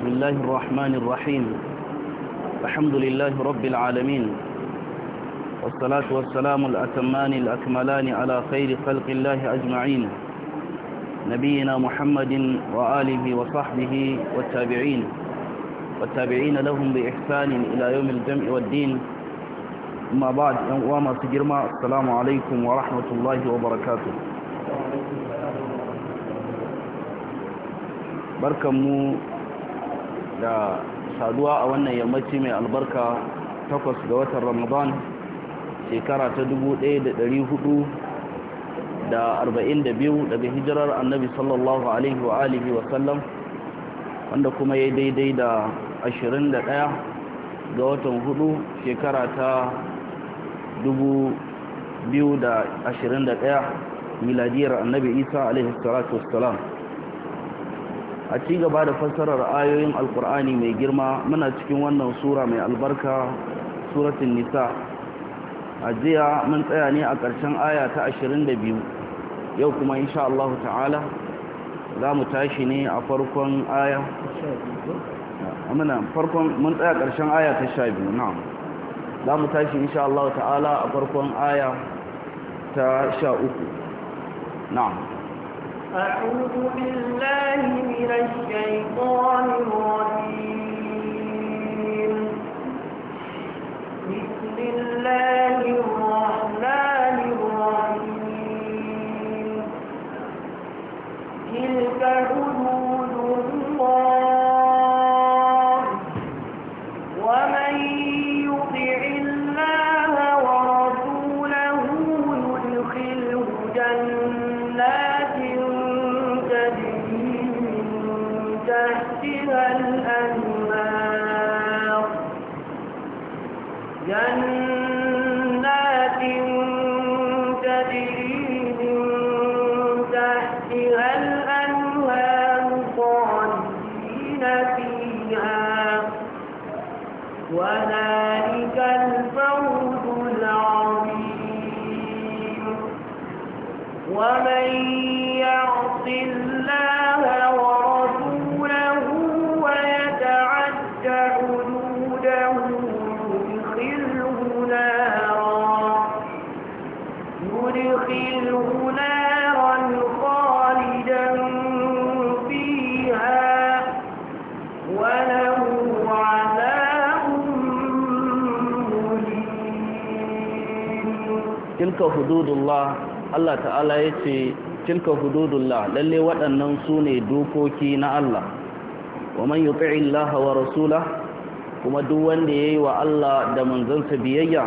بسم الله الرحمن الرحيم الحمد لله رب العالمين والصلاة والسلام الأتمان الأكملان على خير خلق الله أجمعين نبينا محمد وآله وصحبه والتابعين والتابعين لهم بإحسان إلى يوم الجمع والدين أما بعد يوم سجرما السلام عليكم ورحمة الله وبركاته بركمو da saduwa a wannan yammaci mai albarka takwas ga watan ramadan shekara ta 1442 daga hijirar annabi sallallahu alaihi wa alihi wasallam wanda kuma ya daidai da 21 ga watan hudu shekara ta 2021 miladiyar annabi isa alaihi salatu wasalam a ci gaba da fassarar ayoyin alkur'ani mai girma muna cikin wannan sura mai albarka suratun nisa a jiya mun tsaya ne a ƙarshen aya ta 22 yau kuma insha Allah ta'ala za mu tashi ne a farkon aya amina farkon mun tsaya ƙarshen aya ta 12 na'am za mu tashi insha Allah ta'ala a farkon aya ta 13 na'am أعوذ بالله من الشيطان الرجيم بسم الله الرحمن الرحيم تلك حدود tilka hududullah Allah ta'ala ya ce tilka hududullah lalle waɗannan su ne dokoki na Allah wa man Allah wa rasulah kuma duk wanda yayi wa Allah da manzansa biyayya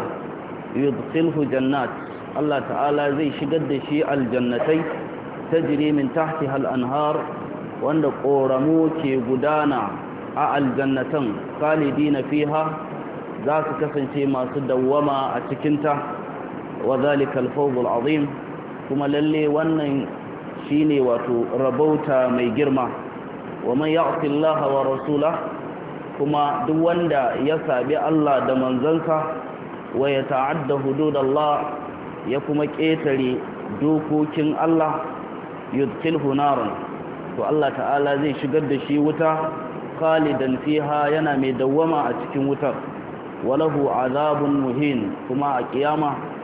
yudkhilhu jannat Allah ta'ala zai shigar da shi aljannatai tajri min tahtiha al-anhar wanda koramu ke gudana a aljannatan khalidina fiha za su kasance masu dawwama a cikinta wa zalika al-fawzul azim kuma lalle wannan shine wato rabauta mai girma wa man ya'ti Allah kuma duk wanda ya saɓi Allah da manzansa wa ya ta'adda hududallah ya kuma ƙetare dokokin Allah yudkhilhu naran to Allah ta'ala zai shigar da shi wuta khalidan fiha yana mai dawwama a cikin wutar walahu azabun muhin kuma a ƙiyama.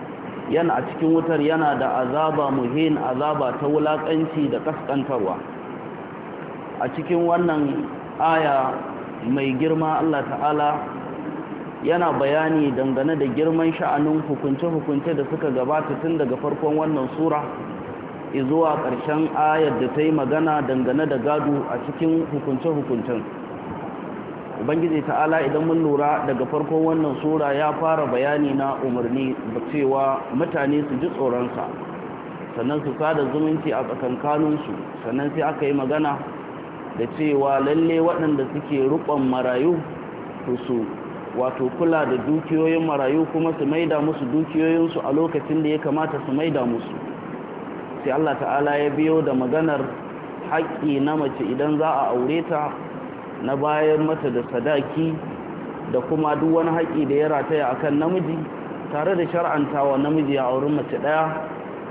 yana a cikin wutar yana da azaba muhin azaba ta wulakanci da kaskantarwa a cikin wannan aya mai girma Allah ta'ala yana bayani dangane da girman sha'anin hukunce-hukunce da suka gabata tun daga farkon wannan sura zuwa ƙarshen ayar da ta yi magana dangane da gado a cikin hukunce-hukuncen ubangiji ta'ala idan mun lura daga farkon wannan sura ya fara bayani na umarni da cewa mutane su ji tsoronsa sannan su sada zumunci a tsakankaninsu sannan sai aka yi magana da cewa lalle waɗanda suke rukon marayu su su wato kula da dukiyoyin marayu kuma su maida musu dukiyoyinsu a lokacin da ya kamata su maida musu sai Allah ta'ala ya biyo da maganar haƙƙi na mace idan za a aure ta na bayan mata da sadaki da kuma duk wani haƙi da ya rataya akan namiji tare da shar'antawa namiji ya auri mace ɗaya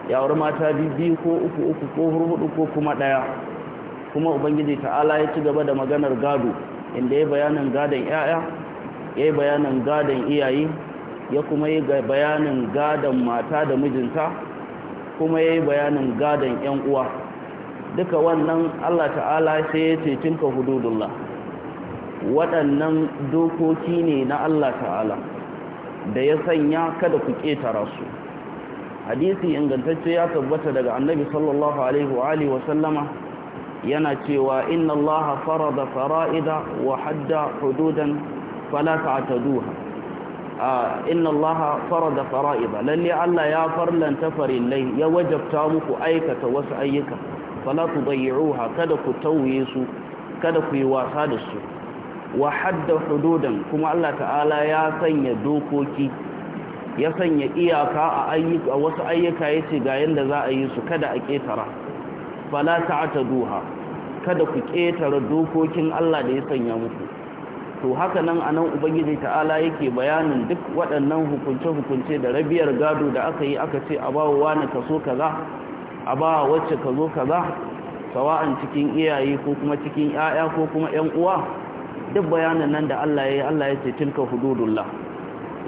ya auri mata biyu ko uku uku ko hurhudu ko kuma ɗaya kuma ubangiji ta'ala ya ci gaba da maganar gado inda ya bayanin gadon 'ya'ya ya yi bayanin gadon iyaye ya kuma yi bayanin gadon mata da mijinta kuma ya yi bayanin gadon 'yan uwa duka wannan allah ta'ala sai ya ce cinka hududullah waɗannan dokoki ne na Allah ta'ala da ya sanya kada ku ƙetara su hadisi ingantacce ya tabbata daga annabi sallallahu alaihi wa alihi yana cewa inna Allah farada fara'ida wa hadda hududan fala ta'taduha inna Allah farada fara'ida lalle Allah ya farlanta farillai ya wajabta muku aikata wasu ayyuka fala tudayyi'uha kada ku tauye su kada ku yi wasa da su wa hadda hududan kuma Allah ta'ala ya sanya dokoki ya sanya iyaka a ayyuka wasu ayyuka yace ga yanda za a yi su kada a ketara fala ta'taduha kada ku ketara dokokin Allah da ya sanya muku to haka nan anan ubangiji ta'ala yake bayanin duk waɗannan hukunce hukunce da rabiyar gado da aka yi aka ce a bawa wani kaso kaza a ba wacce kazo kaza sawa'an cikin iyaye ko kuma cikin 'ya'ya ko kuma 'yan uwa duk bayanan nan da Allah ya yi Allah ya ce tilka hududullah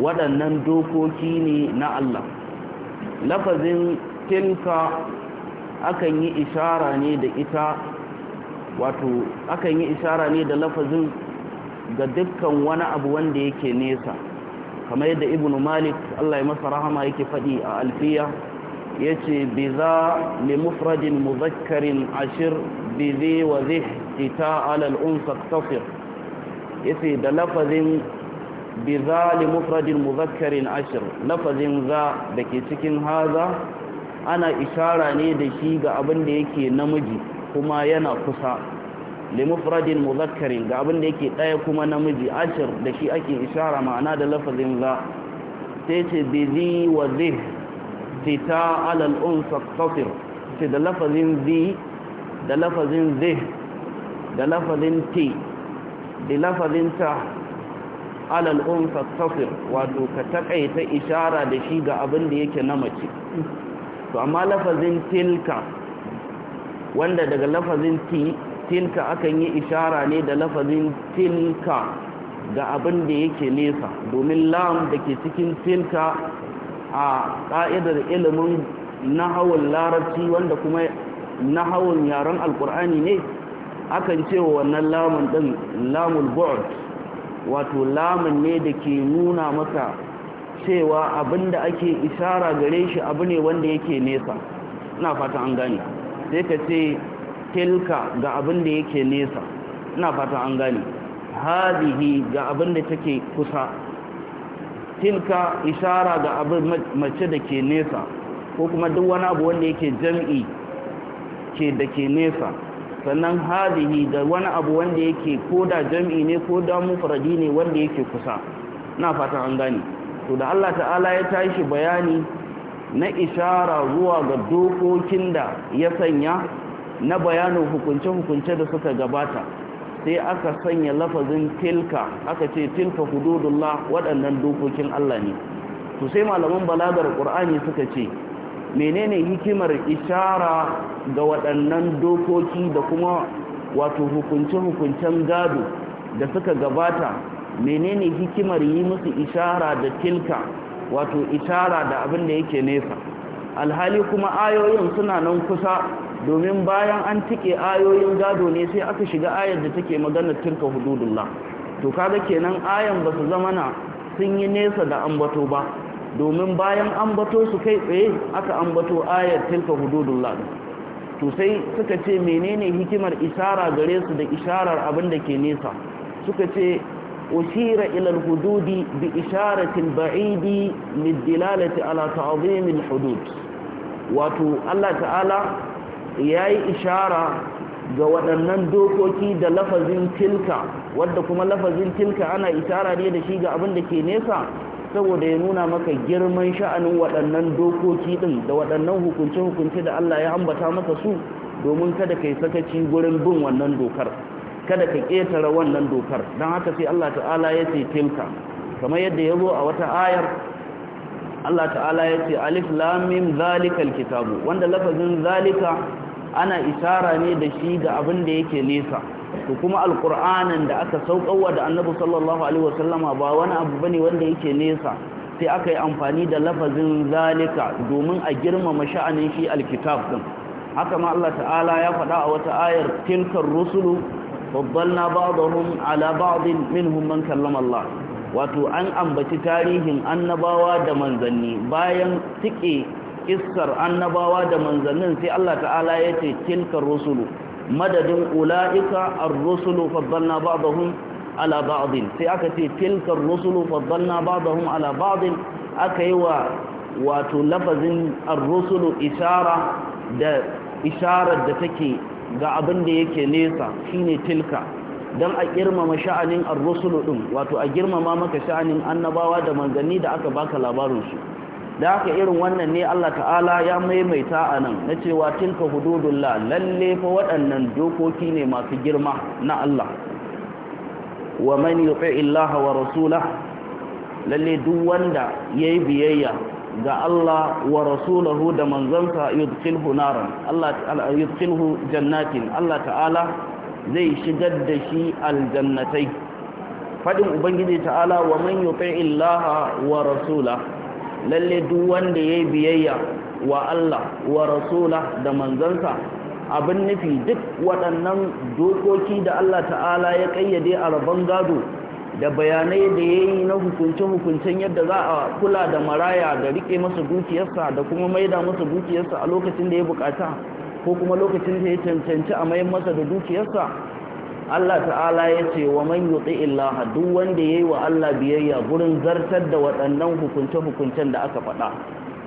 waɗannan dokoki ne na Allah lafazin tilka akan yi ishara ne da ita wato akan yi ishara ne da lafazin ga dukkan wani abu wanda yake nesa kamar yadda ibnu malik Allah ya masa rahama yake faɗi a alfiya ya ce bi za li mufradin muzakkarin ashir bi zai wa zai ita alal unsa tafir yace da lafazin bi zali mufradin muzakkarin ashir lafazin za da ke cikin haza ana ishara ne da shi ga abin da yake namiji kuma yana kusa li mufradin muzakkarin ga abin da yake ɗaya kuma namiji ashir da shi ake ishara ma'ana da lafazin za sai ce bi zi wa zih fita alal un qasir da lafazin zi da lafazin zih da lafazin ti da lafazinta alal unsa tafir wato ka takaita ishara da shi ga abin da yake na mace to amma lafazin tilka wanda daga lafazin ti tilka akan yi ishara ne da lafazin tilka ga abin da yake nesa domin lam da ke cikin tilka a ƙa'idar ilimin nahawun larabci wanda kuma nahawun yaren alkur'ani ne akan ce wa wannan lamun din lamul bu'd wato lamun ne da ke nuna maka cewa abinda ake isara gare shi abu ne wanda yake nesa ina fata an gane sai ka ce tilka ga abinda yake nesa ina fata an gane hadihi ga abinda take kusa tilka isara ga abin mace da ke nesa ko kuma duk wani abu wanda yake jam'i ke da ke nesa sannan hadihi da wani abu wanda yake ko da jam'i ne ko da mufradi ne wanda yake kusa na fatan an gane to da Allah ta'ala ya tashi bayani na ishara zuwa ga dokokin da ya sanya na bayanin hukunce-hukunce da suka gabata sai aka sanya lafazin tilka aka ce tilka hududullah waɗannan dokokin Allah ne to sai malaman balagar ƙur'ani suka ce menene hikimar ishara ga waɗannan dokoki da kuma wato hukunce-hukuncen gado da suka gabata menene hikimar yi musu ishara da tilka wato ishara da abin da yake nesa alhali kuma ayoyin suna nan kusa domin bayan an tike ayoyin gado ne sai aka shiga ayar da take maganar tilka hududullah to kaga kenan ayan ba su zama sun yi nesa da ambato ba domin bayan ambato su kai tsaye aka ambato ayar tilka hududullah to sai suka ce menene hikimar isara gare su da isharar abin da ke nesa suka ce ushira ilal hududi bi isharatin ba'idi dilalati ala ta'zimil hudud wato Allah ta'ala yayi ishara ga waɗannan dokoki da lafazin tilka wadda kuma lafazin tilka ana isara ne da shi ga abin da ke nesa saboda ya nuna maka girman sha'anin waɗannan dokoki ɗin da waɗannan hukunce-hukunce da Allah ya ambata maka su domin kada ka yi sakaci wurin bin wannan dokar kada ka ƙetare wannan dokar don haka sai Allah ta'ala ya ce tilka kamar yadda ya zo a wata ayar Allah ta'ala ya ce alif lamim zalika kitabu wanda lafazin zalika ana isara ne da shi ga abin da yake nesa to kuma alƙur'anin da aka sauƙawa da annabi sallallahu alaihi wasallama ba wani abu bane wanda yake nesa sai aka yi amfani da lafazin zalika domin a girmama sha'anin shi alkitab din haka ma Allah ta'ala ya faɗa a wata ayar tilkar rusulu faddalna ba'dahum ala ba'din minhum man kallama Allah wato an ambaci tarihin annabawa da manzanni bayan tike iskar annabawa da manzannin sai Allah ta'ala ya ce tilkar rusulu madadin ula'ika an rusulu faddalna ba'dahum ala sai aka ce tilkar ar-rusulu faddalna ba'dahum aka yi wa wato lafazin an rusulu isara da isharar da take ga abin da yake nesa shine tilka don a girmama sha'anin ar-rusulu ɗin wato a girmama maka sha'anin annabawa da manzanni da aka baka labarin su da haka irin wannan ne Allah ta'ala ya maimaita a nan na cewa tilka hududullah lalle fa waɗannan dokoki ne masu girma na Allah wa man yuti illaha wa rasulah lalle duk wanda yayi biyayya ga Allah wa rasuluhu da manzansa yudkhilhu naran Allah ta'ala yudkhilhu jannatin Allah ta'ala zai shigar da shi aljannatai fadin ubangiji ta'ala wa man yuti illaha wa rasulahu lalle duk wanda yayi biyayya wa Allah wa rasula da manzansa abin nufi duk waɗannan dokoki da Allah ta'ala ya ƙayyade a rabon gado da bayanai da ya yi na hukunce-hukuncen yadda za a kula da maraya da riƙe masa dukiyarsa da kuma maida masa dukiyarsa a lokacin da ya bukata ko kuma lokacin da ya cancanci a mayan masa da dukiyarsa Allah ta'ala ya ce wa man yuti illaha duk wanda ya yi wa Allah biyayya gurin zartar da waɗannan hukunce-hukuncen da aka faɗa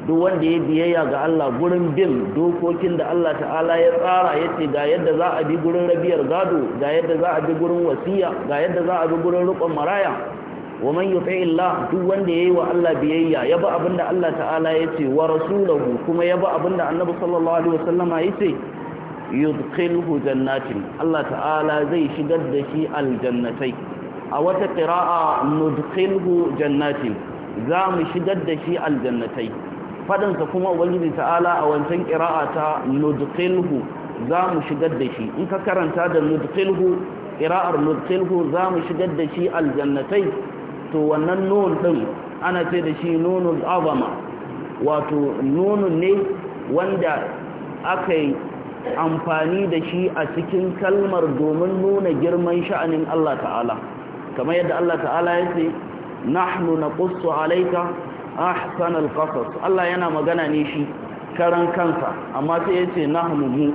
duk wanda ya biyayya ga Allah gurin bin dokokin da Allah ta'ala ya tsara ya ce ga yadda za a bi gurin rabiyar gado ga yadda za a bi gurin wasiya ga yadda za a bi gurin riƙon maraya wa man yuti illah duk wanda ya yi wa Allah biyayya ya ba abinda Allah ta'ala ya ce wa rasulahu kuma ya ba abinda Annabi sallallahu alaihi wasallama ya ce yudkhilhu jannatin Allah ta'ala zai shigar da shi aljannatai a wata qira'a nudkhilhu jannatin za mu shigar da shi aljannatai fadan sa kuma ubangiji ta'ala a wancan qira'a ta nudkhilhu za mu shigar da shi in ka karanta da nudkhilhu qira'ar nudkhilhu za mu shigar da shi aljannatai to wannan nun din ana ce da shi nunul azama wato nunun ne wanda aka amfani da shi a cikin kalmar domin nuna girman sha'anin Allah ta'ala kamar yadda Allah ta'ala ya ce nahnu naqussu alayka ahsan alqasas Allah yana magana ne shi karan kansa amma sai yace nahnu mu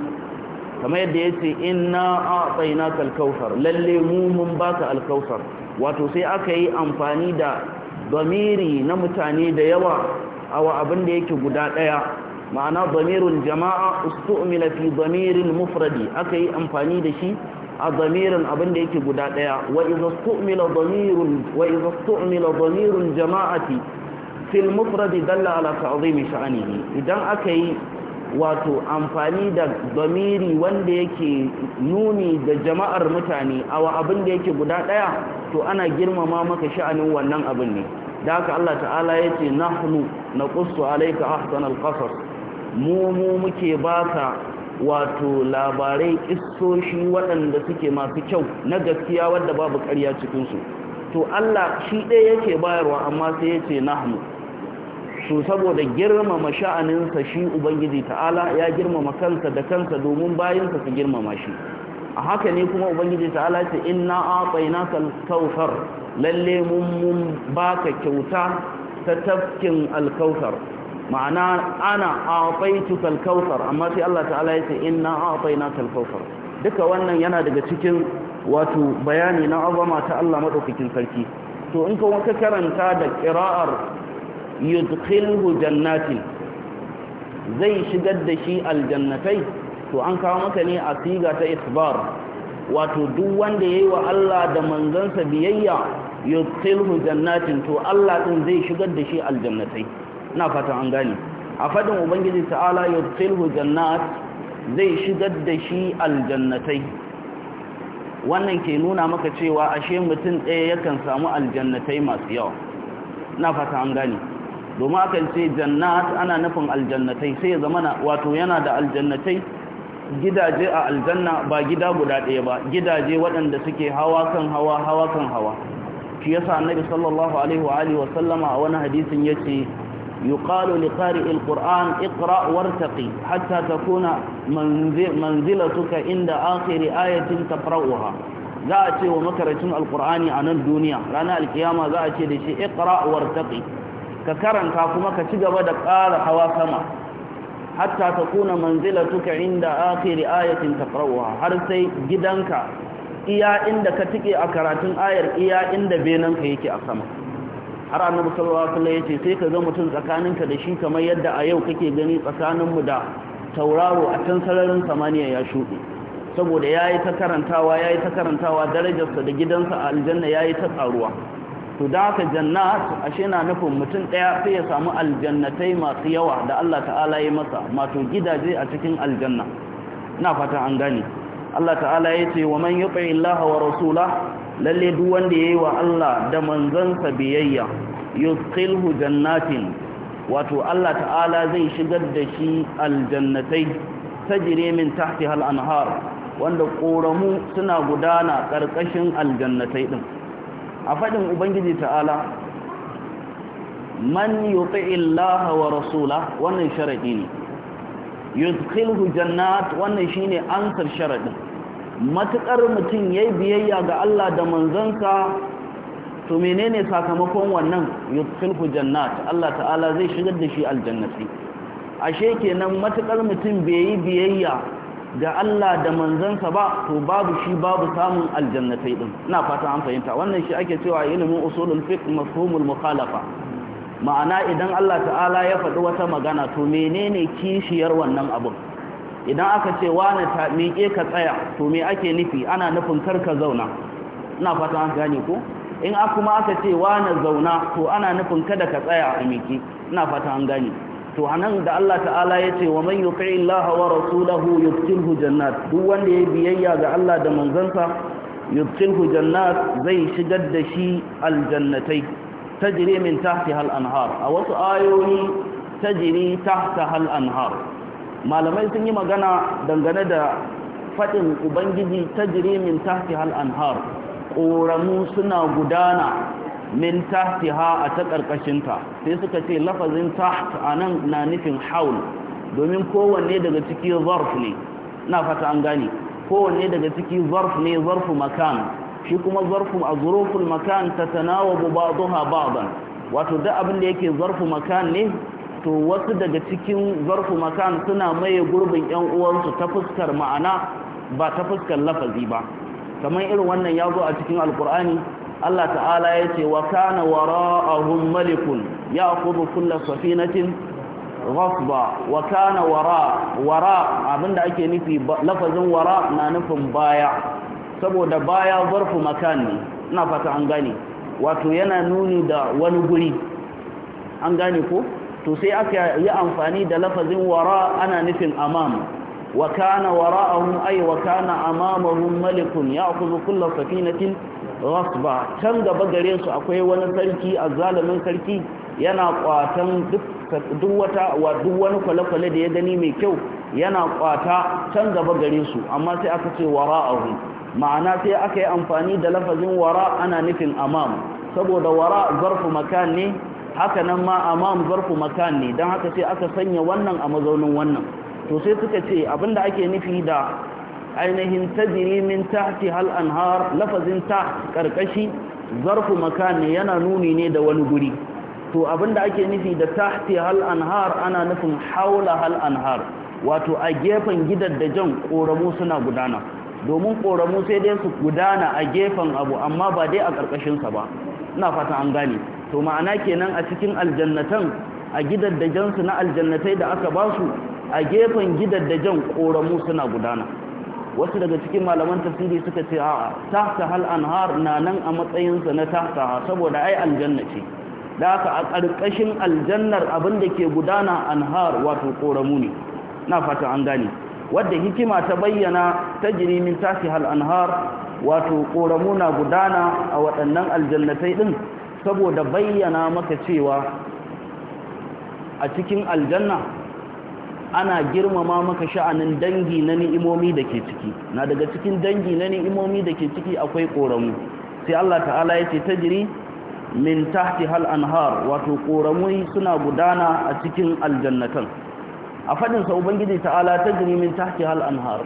kamar yadda yace inna a'tainaka alkawthar lalle mu mun baka alkausar wato sai aka yi amfani da damiri na mutane da yawa wa abin da yake guda daya ma'ana damirul jama'a ustu'mila fi damiril mufradi yi amfani da shi a damirin abin da yake guda daya wa idza ustu'mila damirul wa idza ustu'mila damirul jama'ati fil mufradi dalla ala ta'zim sha'anihi idan aka yi wato amfani da damiri wanda yake nuni da jama'ar mutane awa abin da yake guda daya to ana girmama maka sha'anin wannan abin ne da haka Allah ta'ala ya ce nahnu alaika alayka ahsanal qasas mu mu muke baka wato labarai kissoshi waɗanda suke masu kyau na gaskiya wadda babu ƙarya cikinsu to Allah shi ɗaya yake bayarwa amma sai yace ce nahnu su saboda girmama sha'aninsa shi ubangiji ta'ala ya girmama kansa da kansa domin bayinsa su girmama shi a haka ne kuma ubangiji ta'ala ce inna a'tainaka al-kautsar lalle mun mun baka kyauta ta tafkin al ma'ana ana a'taitu kalkautsar amma sai Allah ta'ala ya ce inna a'taina kalkautsar duka wannan yana daga cikin wato bayani na azama ta Allah madaukakin sarki to in ka karanta da qira'ar yudkhilhu jannatin zai shigar da shi aljannatai to an kawo maka ne a siga ta isbar wato duk wanda yayi wa Allah da manzansa biyayya yudkhilhu jannatin to Allah din zai shigar da shi aljannatai ina fatan an gane a fadin ubangiji ta'ala yudkhilhu jannat zai shigar da shi aljannatai wannan ke nuna maka cewa ashe mutum ɗaya yakan samu aljannatai masu yawa ina fata an gane domin akan ce jannat ana nufin aljannatai sai ya zama wato yana da aljannatai gidaje a aljanna ba gida guda ɗaya ba gidaje waɗanda suke hawa kan hawa hawa kan hawa shi yasa annabi sallallahu alaihi wa alihi wa sallama a wani hadisin yace يقال لقارئ القرآن اقرأ وارتقي حتى تكون منزلتك عند آخر آية تقرأها za a ce wa makarantun alkur'ani a nan duniya ranar alkiyama za ce da shi ikra wartaqi ka karanta kuma ka ci gaba da ƙara hawa sama hatta ta kuna manzilatuka inda akhiri ayatin har sai gidanka iya inda ka tike a karatun ayar iya inda benenka yake a sama har annabi sallallahu alaihi wasallam yace sai ka ga mutum tsakaninka da shi kamar yadda a yau kake gani tsakaninmu da tauraro a can sararin samaniya ya shuɗe saboda yayi ta karantawa yayi ta karantawa darajarsa da gidansa a aljanna yayi ta tsaruwa to da haka jannat ashe na nufin mutum ɗaya sai ya samu aljannatai masu yawa da Allah ta'ala ya masa mato gidaje a cikin aljanna Ina fata an gane Allah ta'ala ya ce wa man yuti Allah wa rasulahu lalle duk wanda ya yi wa Allah da manzansa biyayya yudkhilhu jannatin wato Allah ta'ala zai shigar da shi aljannatai ta min tahtiha al-anhar wanda ƙoramu suna gudana ƙarƙashin aljannatai ɗin. a faɗin ubangiji ta'ala man yuti Allah wa rasula wannan sharaɗi ne yudkhilhu jannat wannan shine ansar sharaɗin matuƙar mutum ya yi biyayya ga Allah da manzansa to menene sakamakon wannan janna jannat Allah ta'ala zai shigar da shi aljannati ashe kenan matukar mutum bai yi biyayya ga Allah da manzansa ba to babu shi babu samun aljannatai din ina fata an fahimta wannan shi ake cewa ilimin usulul fiqh mafhumul mukhalafa ma'ana idan Allah ta'ala ya faɗi wata magana to menene kishiyar wannan abun idan aka ce wani ta miƙe ka tsaya to me ake nufi ana nufin kar ka zauna ina fatan an gane ko in a kuma aka ce wani zauna to ana nufin kada ka tsaya a miƙe ina fatan an gane to anan da Allah ta'ala ya ce wa man yuqi Allah wa rasulahu yudkhilhu jannat duk wanda ya biyayya ga Allah da manzansa yudkhilhu jannat zai shigar da shi aljannatai tajri min tahtiha al-anhar a wasu ayoyi tajri tahtaha al-anhar malamai sun yi magana dangane da faɗin ubangiji ta jirimin tahti hal anhar ƙoramu suna gudana min tahtiha a ta ƙarƙashinta sai suka ce lafazin taht a nan na nufin haul domin kowanne daga ciki zarf ne na fata an gane kowanne daga ciki zarf ne zarfu makan shi kuma zarfu a zuruful makan ta tanawa ba'daha ba'dan wato da abin da yake zarfu makan ne to wasu daga cikin zarfu makan suna maye gurbin yan uwansu ta fuskar ma'ana ba ta fuskar lafazi ba kamar irin wannan ya zo a cikin alkur'ani Allah ta'ala ya ce wa kana wara'ahum malikun ya'khudhu kulla safinatin ghasba wa kana wara wara abinda ake nufi lafazin wara na nufin baya saboda baya zarfu makan ne ina fata an gane wato yana nuni da wani guri an gane ko to sai aka yi amfani da lafazin wara ana nufin amam wa kana wara'ahum ay wa kana amamahum malikun ya'khudhu kull safinatin rasba can gaba gare su akwai wani sarki azzalimin sarki yana kwatan duk wata wa duk wani kwale da ya gani mai kyau yana kwata can gaba gare su amma sai aka ce wara'ahum ma'ana sai aka yi amfani da lafazin wara ana nufin amam saboda wara zarfu makan ne haka nan ma amam zarfu makan ne don haka sai aka sanya wannan a mazaunin wannan to sai suka ce abinda ake nufi da ainihin tajiri min tahti hal anhar lafazin ta karkashi zarfu makan ne yana nuni ne da wani guri to abinda ake nufi da tahti hal anhar ana nufin haula hal anhar wato a gefen gidan da jan koramu suna gudana domin koramu sai dai su gudana a gefen abu amma ba dai a karkashin sa ba ina fata an gane to ma'ana kenan a cikin aljannatan a gidaddajensu na aljannatai da aka ba su a gefen gidaddajen ƙoramu suna gudana wasu daga cikin malaman tafsiri suka ce a'a tahta hal anhar na nan a matsayinsa na tahta saboda ai aljanna ce da aka a ƙarƙashin aljannar abin da ke gudana anhar wato ƙoramu ne na fata an gane wadda hikima ta bayyana ta jirimin min hal anhar wato ƙoramu na gudana a waɗannan aljannatai ɗin saboda bayyana maka cewa a cikin aljanna ana girmama maka sha'anin dangi na ni'imomi da ke ciki na daga cikin dangi na ni'imomi da ke ciki akwai ƙoramu sai Allah ta'ala ya ce ta jiri min tahti hal anhar wato ƙoramu suna gudana a cikin aljannatan a sa ubangiji ta'ala ta jiri min tahti hal anhar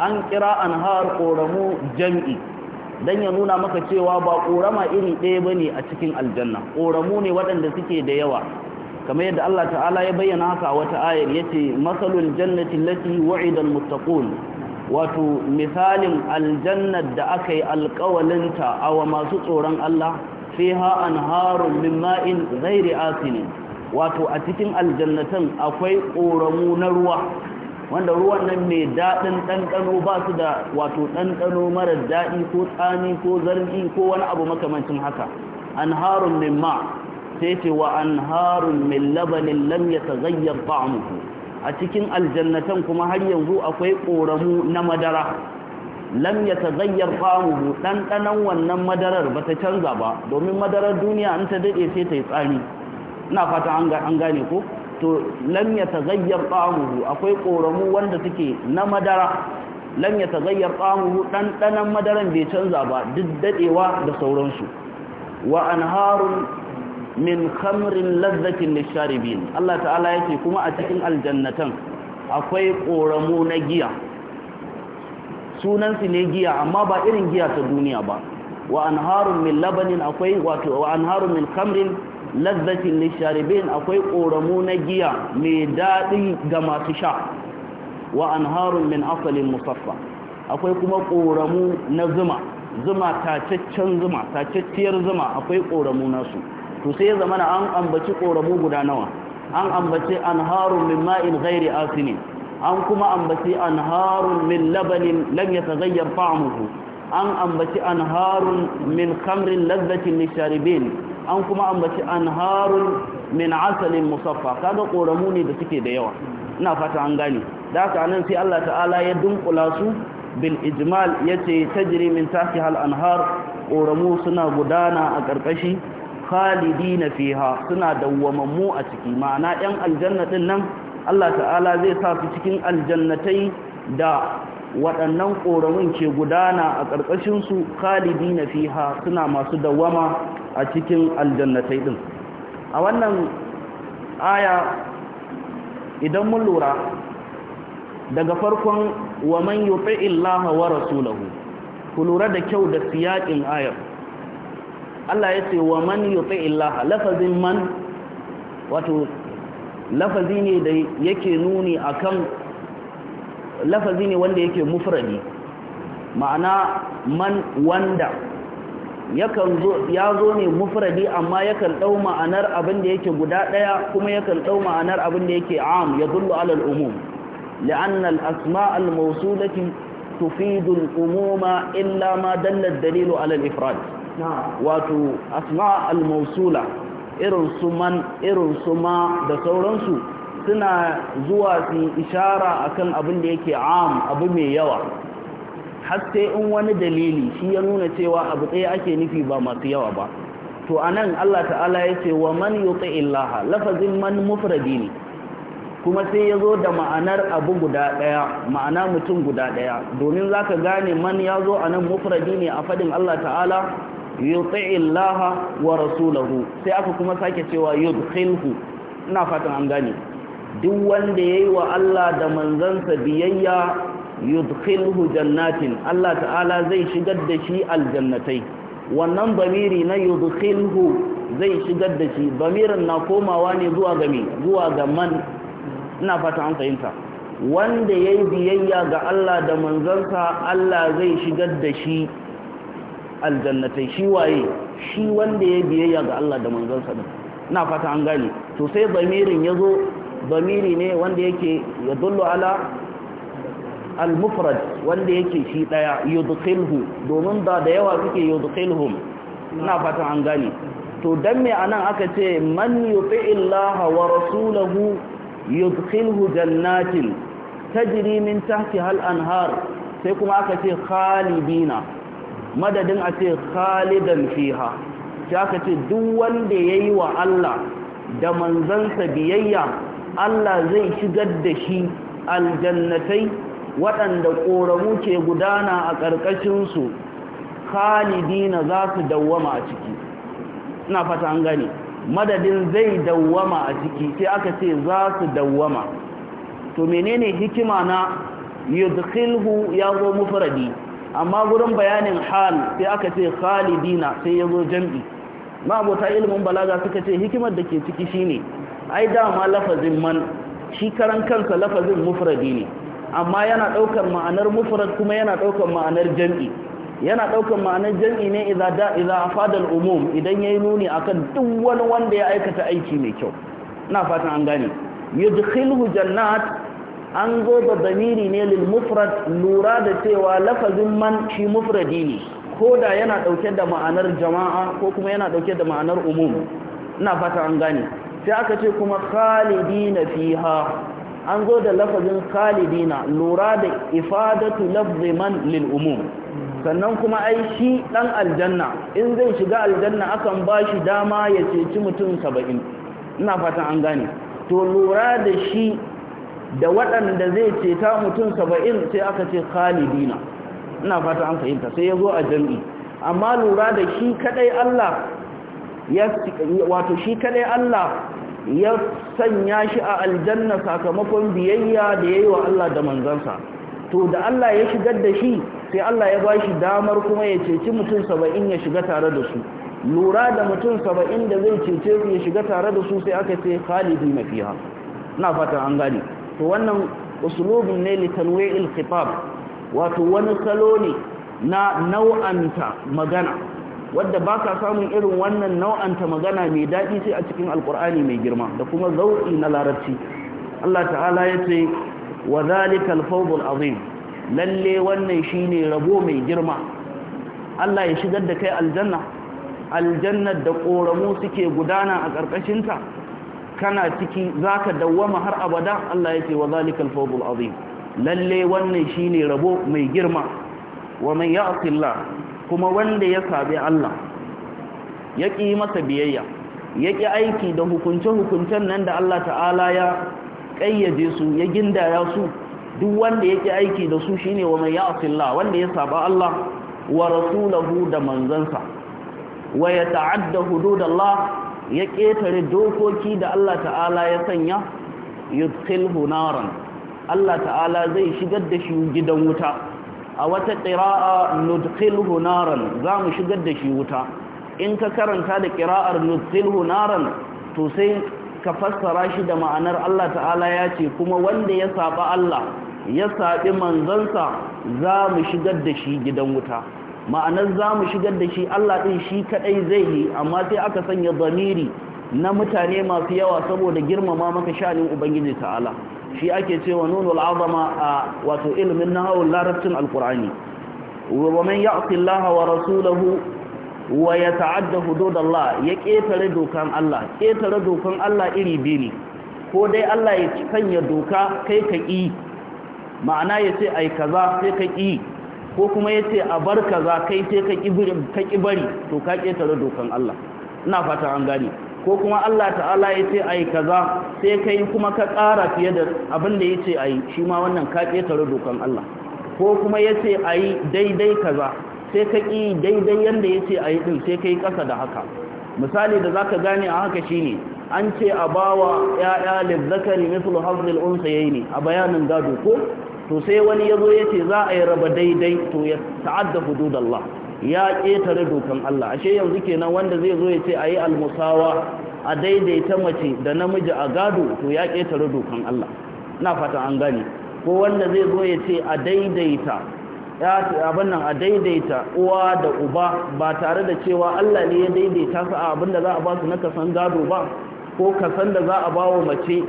an kira anhar ƙoramu jami'i. don ya nuna maka cewa ba ƙorama iri ɗaya ba ne a cikin aljanna ƙoramu ne waɗanda suke da yawa kamar yadda Allah ta'ala ya bayyana haka a wata ayar ya ce masalul jannati lati wa'idal muttaqun wato misalin aljannar da aka yi alkawalinta a wa masu tsoron Allah an anharun min ma'in ghairi asini wato a cikin aljannatan akwai ƙoramu na ruwa wanda ruwan nan mai daɗin ɗanɗano ba su da wato ɗanɗano marar daɗi ko tsami ko zargi ko wani abu makamancin haka an harun min ma sai ce wa an harun min labanin lamya ta zayyar ba'amuku a cikin aljannatan kuma har yanzu akwai ƙoramu na madara lam ya tagayyar ba'amuku ɗanɗanon wannan madarar ba ta canza ba domin madarar duniya an ta daɗe sai ta yi tsami ina fata an gane ko to lam ya tagayyar ta'amuhu akwai ƙoramu wanda suke na madara lam ya tagayyar ta'amuhu ɗanɗanan madaran bai canza ba duk daɗewa da sauransu wa anharun min khamrin lazzatin lisharibin Allah ta'ala yake kuma a cikin aljannatan akwai ƙoramu na giya sunansu ne giya amma ba irin giya ta duniya ba wa anharun min labanin akwai wato wa anharun min khamrin lazzatin lisharibin akwai ƙoramu na giya mai daɗi ga masu sha wa anharun min asalin musaffa akwai kuma ƙoramu na zuma zuma tacaccen zuma tacacciyar zuma akwai ƙoramu nasu to sai ya zama an ambaci ƙoramu guda nawa an ambaci anharun min ma'in ghairi asini? an kuma ambaci anharun min labanin lam yataghayyar ta'amuhu an ambaci anharun min kamrin lazzatin lisharibin an kuma ambaci anharun min asalin musaffa kaga koramu ne da suke da yawa ina fata an gane da haka nan sai Allah ta'ala ya dunkula su bil ijmal yace tajri min tahtiha al anhar koramu suna gudana a karkashi khalidina fiha suna dawwamammu a ciki ma'ana yan aljanna din nan Allah ta'ala zai sa su cikin aljannatai da waɗannan ƙoramin ke gudana a ƙarƙashinsu kalibi na fiha suna masu dawama a cikin aljannatai ɗin a wannan aya idan mun lura daga farkon wa man yuti illaha wa rasulahu ku lura da kyau da siyaƙin ayar Allah ya ce wa man yuti illaha lafazin man wato lafazi ne da yake nuni akan lafazi ne wanda yake mufradi ma'ana man wanda yakan zo ya zo ne mufradi amma yakan dau ma'anar abin da yake guda daya kuma yakan dau ma'anar abin da yake am ya dullu alal umum لأن الأسماء الموصولة تفيد illa ma dallar dalilu alal على الإفراد واتو أسماء الموصولة irin سمن ma da sauransu. suna zuwa su ishara akan abin da yake am abu mai yawa har sai in wani dalili shi ya nuna cewa abu ɗaya ake nufi ba masu yawa ba to anan Allah ta'ala ya ce wa man yuti illaha lafazin man mufradi ne kuma sai ya zo da ma'anar abu guda ɗaya ma'ana mutum guda ɗaya domin za ka gane man ya zo a nan mufradi ne a fadin Allah ta'ala yuti illaha wa rasulahu sai aka kuma sake cewa yudkhilhu ina fatan an gane duk wanda yayi wa Allah da manzansa biyayya yudkhilhu jannatin Allah ta'ala zai shigar da shi aljannatai wannan bamiri na yudkhilhu zai shigar da shi bamirin na komawa ne zuwa ga me zuwa ga man ina fata an fahimta wanda yayi biyayya ga Allah da manzansa Allah zai shigar da shi aljannatai shi waye shi wanda yayi biyayya ga Allah da manzansa din ina fata an gane to sai bamirin yazo ضميري ني وند يكي يدل على المفرد وند يكي شي دايا يدخله دومن دا da yawa suke yudkhilhum ina fatan an gani. to dan me anan aka ce man yuti illaha wa rasulahu yudkhilhu jannatin tajri min tahtiha al-anhar sai kuma aka ce khalibina madadin a ce khalidan fiha sai aka ce duk wanda yayi wa Allah da manzansa biyayya Allah zai shigar da shi aljannatai waɗanda ƙoramu ke gudana a ƙarƙashinsu khalidina za su dawwama a ciki ina fata an gane madadin zai dawwama a ciki sai aka ce za su dawwama to menene hikima na yudkhilhu ya zo mufradi amma gurin bayanin hal sai aka ce khalidina sai ya zo jam'i ma abota ilimin balaga suka ce hikimar da ke ciki shine ai dama lafazin man shi karan kansa lafazin mufradi ne amma yana ɗaukar ma'anar mufrad kuma yana daukar ma'anar jam'i yana daukar ma'anar jam'i ne idan da idan afadal umum idan yayi nuni akan duk wani wanda ya aikata aiki mai kyau ina fatan an gane yudkhilhu jannat an zo da damiri ne lil mufrad lura da cewa lafazin man shi mufradi ne ko da yana ɗauke da ma'anar jama'a ko kuma yana ɗauke da ma'anar umum ina fata an gane sai aka ce kuma khalidina fiha an zo da lafazin khalidina lura da ifadatu lafzi man lil umum sannan kuma ai shi dan aljanna in zai shiga aljanna akan bashi dama ya ceci mutum 70 ina fatan an gane to lura da shi da waɗanda zai ceta mutum 70 sai aka ce khalidina ina fata an fahimta sai ya zo a jam'i amma lura da shi kadai Allah ya wato shi kadai Allah ya sanya shi a aljanna sakamakon biyayya da ya yi wa Allah da manzansa to da Allah ya shigar da shi sai Allah ya ba shi damar kuma ya ceci mutum saba'in ya shiga tare da su lura da mutum saba'in da zai cece su ya shiga tare da su sai aka ce khalidi mafiya na fatan an gane to wannan uslubin ne li tanwi'il khitab wato wani salo ne na nau'anta magana wadda ba ka samun irin wannan nau'anta magana mai daɗi sai a cikin alkur'ani mai girma da kuma zauƙi na larabci Allah ta'ala ya ce wa zalikal fawdul azim lalle wannan shine rabo mai girma Allah ya shigar da kai aljanna aljannar da ƙoramu suke gudana a ƙarƙashinta kana ciki zaka dawwama har abada Allah ya ce wa zalikal fawdul azim lalle wannan shine rabo mai girma wa man ya'ti kuma wanda ya sabi Allah ya ƙi masa biyayya ya ƙi aiki da hukunce-hukuncen nan da Allah ta'ala ya ƙayyaje su ya gindaya su duk wanda ya ƙi aiki da su shine wa mai ya'asillah wanda ya sabi Allah wa rasulahu da manzansa wa ya ta'adda hududallah ya ƙetare dokoki da Allah ta'ala ya sanya yudkhilhu Allah ta'ala zai shigar da shi gidan wuta a wata ƙira'a nudkhilhu naran za mu shigar da shi wuta in ka karanta da ƙira'ar nudkhilhu naran to sai ka fassara shi da ma'anar Allah ta'ala ya ce kuma wanda ya saba Allah ya saɓi manzansa za mu shigar da shi gidan wuta ma'anar za mu shigar da shi Allah ɗin shi kaɗai zai yi amma sai aka sanya zamiri na mutane masu yawa saboda girmama maka sha'anin ubangiji ta'ala shi ake cewa nunul azama a wato ilmin nahawul larabcin alqur'ani wa man ya'ti allaha wa rasulahu wa yata'adda hududallah ya ketare dokan Allah ketare dokan Allah iri biyu ko dai Allah ya sanya doka kai ka ƙi ma'ana ya ce ai kaza sai ka ƙi ko kuma ya ce a bar kaza kai sai ka ƙi bari to ka ƙetare dokan Allah ina fata an gane ko kuma Allah ta'ala ya ce ayi kaza sai kai kuma ka ƙara fiye da abin da ya ce ai shi ma wannan ka ƙetare dokan Allah ko kuma ya ce ai daidai kaza sai ka ƙi daidai yadda ya ce ai ɗin sai ka yi ƙasa da haka misali da za ka gane a haka shine an ce a bawa ya'ya lizzakari mislu hazil ne a bayanin gado ko to sai wani ya ya yace za a yi raba daidai to ya ta'adda hududallah ya ƙetare dokan Allah ashe yanzu kenan wanda zai zo ya ce a yi almusawa a daidaita mace da namiji a gado to ya ƙetare dokan Allah ina fata an gane ko wanda zai zo ya ce a daidaita abin nan a daidaita uwa da uba ba tare da cewa Allah ne ya daidaita su a abin da za a ba su na kasan gado ba ko kasan da za a ba wa mace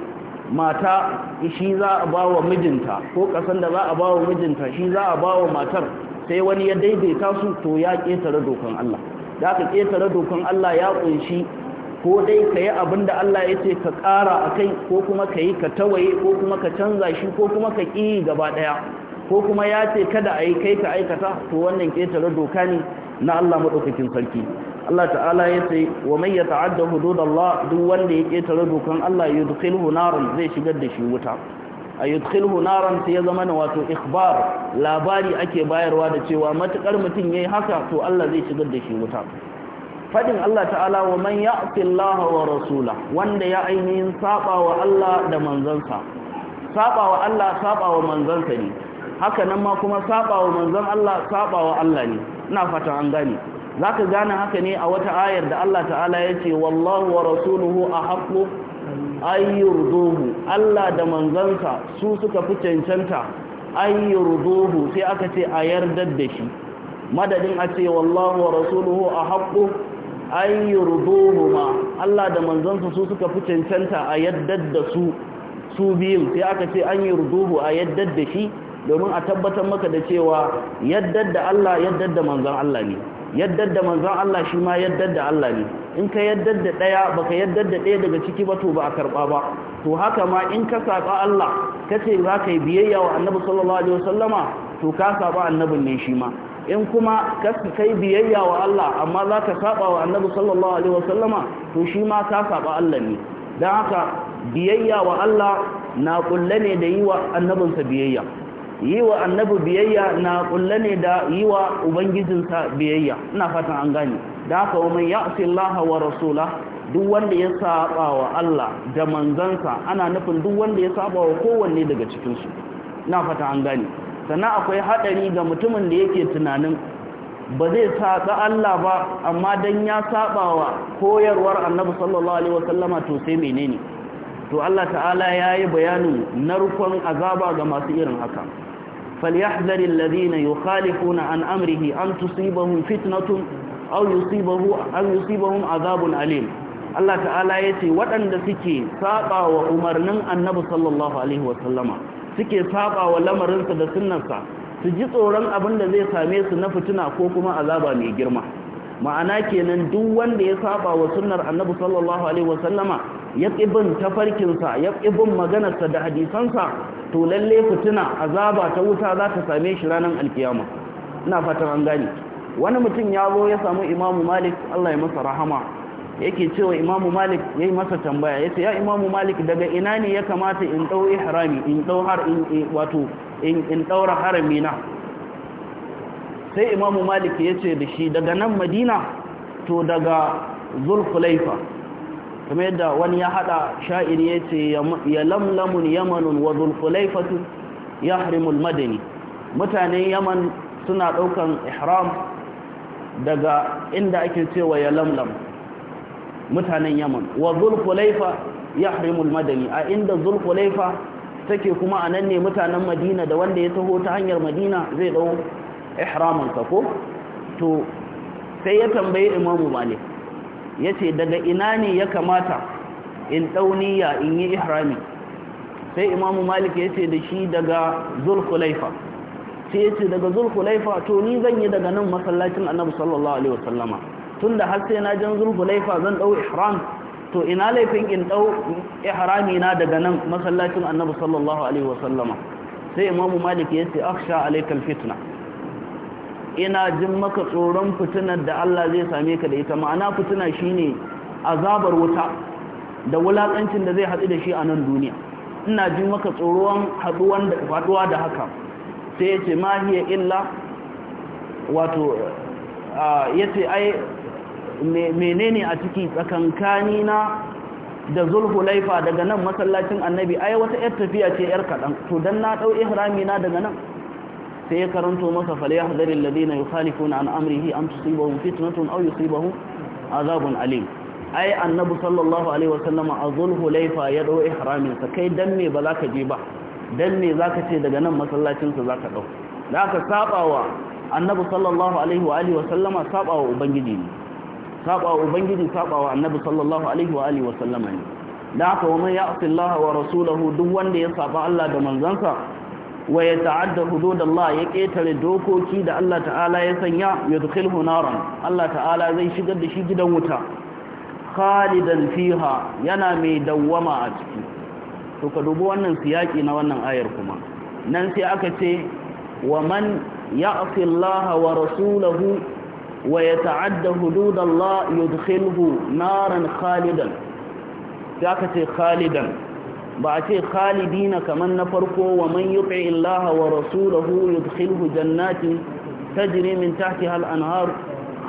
mata shi za a ba wa mijinta ko kasan da za a ba wa mijinta shi za a ba wa matar sai wani ya daidaita su to ya ƙetare dokan Allah da aka ƙetare dokan Allah ya ƙunshi ko dai ka yi abin da Allah ya ce ka ƙara a kai ko kuma ka yi ka tawaye ko kuma ka canza shi ko kuma ka ƙi gaba ɗaya ko kuma ya ce kada a yi kai ka aikata to wannan ƙetare doka ne na Allah maɗaukakin sarki Allah ta'ala ya ce wa mai ya ta'adda hudud Allah duk wanda ya ƙetare dokan Allah ya dukkan narin zai shigar da shi wuta a yudkhilhu naran sai ya zama wato ikhbar labari ake bayarwa da cewa matukar mutum yayi haka to Allah zai shigar da shi wuta fadin Allah ta'ala wa man ya'ti wa rasula wanda ya ainihin saba wa Allah da manzansa saba wa Allah saba wa manzansa ne haka nan ma kuma saba wa manzon Allah saba wa Allah ne ina fatan an gane zaka gane haka ne a wata ayar da Allah ta'ala yace wallahu wa rasuluhu ahaqqu ayyurduhu Allah da manzansa su suka fi cancanta ayyurduhu sai aka ce a yardar da shi madadin a ce wallahu wa rasuluhu a haƙƙo ayyurduhu ma Allah da manzansa su suka fi cancanta a yardar da su su biyun sai aka ce an yurduhu a yardar da shi domin a tabbatar maka da cewa yardar da Allah yardar da manzan Allah ne yardar da manzan Allah shi ma yardar da Allah ne in ka yadda da ɗaya baka yadda da ɗaya daga ciki ba to ba a karɓa ba to haka ma in ka saba Allah ka ce za ka yi biyayya wa annabi sallallahu alaihi wasallama to ka saba annabin ne shi ma in kuma ka kai biyayya wa Allah amma za ka saba wa annabi sallallahu alaihi wasallama to shi ma ka saba Allah ne don haka biyayya wa Allah na kulle ne da yi wa annabinsa biyayya yi wa annabi biyayya na kulle ne da yi wa ubangijinsa biyayya ina fatan an gane da haka wa man ya'si Allah wa rasulah duk wanda ya saba wa Allah da manzansa ana nufin duk wanda ya saba wa kowanne daga cikinsu. na fata an gane sannan akwai haɗari ga mutumin da yake tunanin ba zai saba Allah ba amma dan ya saba wa koyarwar Annabi sallallahu alaihi wasallama to sai menene to Allah ta'ala ya yi bayanin narkon azaba ga masu irin haka فليحذر الذين يخالفون عن أمره أن تصيبهم فتنة An yusibahum azabun alim Allah ta'ala ya ce waɗanda suke saba wa umarnin Annabi sallallahu alaihi wasallama suke saba wa lamarinsa da sunnarsa su ji tsoron abin da zai same su na fituna ko kuma azaba mai girma ma'ana kenan duk wanda ya saba wa sunnar Annabi sallallahu alaihi wasallama ya tafarkinsa ya bin maganarsa da hadisansa to lalle fituna azaba ta wuta za ta same shi ranar alkiyama ina fatan an gane wani mutum ya zo ya samu imamu malik Allah ya masa rahama yake cewa imamu malik ya yi masa tambaya ya ce ya imamu malik daga ina ne ya kamata in ɗau ihrami in ɗau har in wato in ɗaura harami na sai imamu malik ya ce da shi daga nan madina to daga zulfulaifa kuma yadda wani ya haɗa sha'iri ya ce ya lamlamun yamanun wa zulfulaifatu ya harimul madani mutanen yaman suna ɗaukan ihram daga inda ake cewa ya lamlam mutanen yaman wa zulkulaifa ya harimul madani a inda zulkulaifa take kuma a nan ne mutanen madina da wanda ya taho ta hanyar madina zai dau ihraman ka ko to sai ya tambaye imamu malik ya ce daga ina ne ya kamata in ɗauniya in yi ihrami sai imamu malik ya ce da shi daga zulkulaifa sai ya ce daga zulhulaifa to ni zan yi daga nan masallacin annabi sallallahu alaihi wasallama tun da har sai na jan zulhulaifa zan dau ihram to ina laifin in ɗau ihrami na daga nan masallacin annabi sallallahu alaihi wasallama sai imamu malik ya ce akhsha alaikal fitna ina jin maka tsoron fitinar da Allah zai same ka da ita ma'ana fitina shine azabar wuta da wulakancin da zai haɗu da shi a nan duniya ina jin maka tsoron haduwa da haka sai ya ce ma hiya illa wato ya ce ai menene a ciki tsakankani na da zulhu laifa daga nan masallacin annabi ai wata yar tafiya ce yar kaɗan to don na ɗau ihrami na daga nan sai ya karanto masa falyahdharil ladina yukhalifuna an amrihi am tusibahum fitnatun aw yusibahum azabun alim ai annabi sallallahu alaihi wasallama zulhu laifa ya ɗau ihramin sa kai dan me ba za ka je ba dan me zaka ce daga nan masallacin sa zaka dau da aka sabawa annabi sallallahu alaihi wa alihi wa sallama sabawa ubangiji ne sabawa ubangiji sabawa annabi sallallahu alaihi wa alihi wa sallama ne da aka wa man ya'ti Allah wa rasulahu duk wanda ya saba Allah da manzansa wa ya ta'adda hududallah ya ketare dokoki da Allah ta'ala ya sanya yadkhilhu naran Allah ta'ala zai shigar da shi gidan wuta khalidan fiha yana mai dawwama a ciki to ka dubi wannan siyaki na wannan ayar kuma nan sai aka ce wa man ya'fi Allah wa rasulahu wa yata'adda hudud Allah yudkhilhu naran khalidan sai aka ce khalidan ba a ce khalidina kaman na farko wa man yuti Allah wa rasulahu yudkhilhu jannatin tajri min tahtiha al-anhar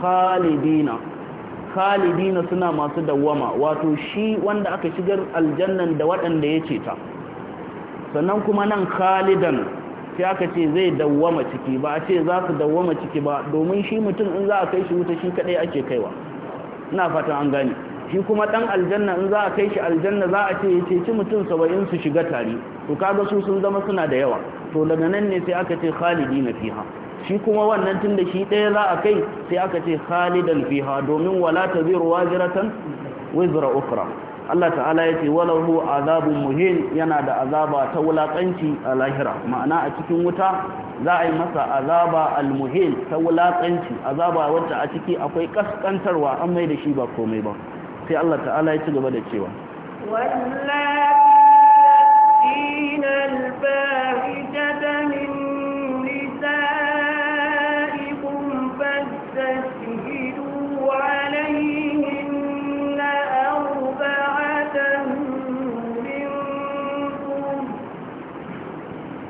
khalidina khalidina suna masu dawwama wato shi wanda aka shigar aljannan da waɗanda ya ce ta sannan kuma nan khalidan sai aka ce zai dawwama ciki ba a ce za su dawwama ciki ba domin shi mutum in za a kai shi wuta shi kadai ake kaiwa ina fatan an gane shi kuma dan aljanna in za a kai shi aljanna za a ce ya ceci mutum saba'in su shiga tare to kaga su sun zama suna da yawa to daga nan ne sai aka ce khalidina fiha shi kuma wannan tun da shi ɗaya za a kai sai aka ce khalidan fiha domin wala taziru waziratan wizra ukra Allah ta'ala ya ce walahu azabun muhin yana da azaba ta wulaƙanci a lahira ma'ana a cikin wuta za a yi masa azaba almuhin ta wulaƙanci. azaba wacce a ciki akwai kaskantarwa an mai da shi ba komai ba sai Allah ta'ala ya ci gaba da cewa والذين الفاحشة من نسائهم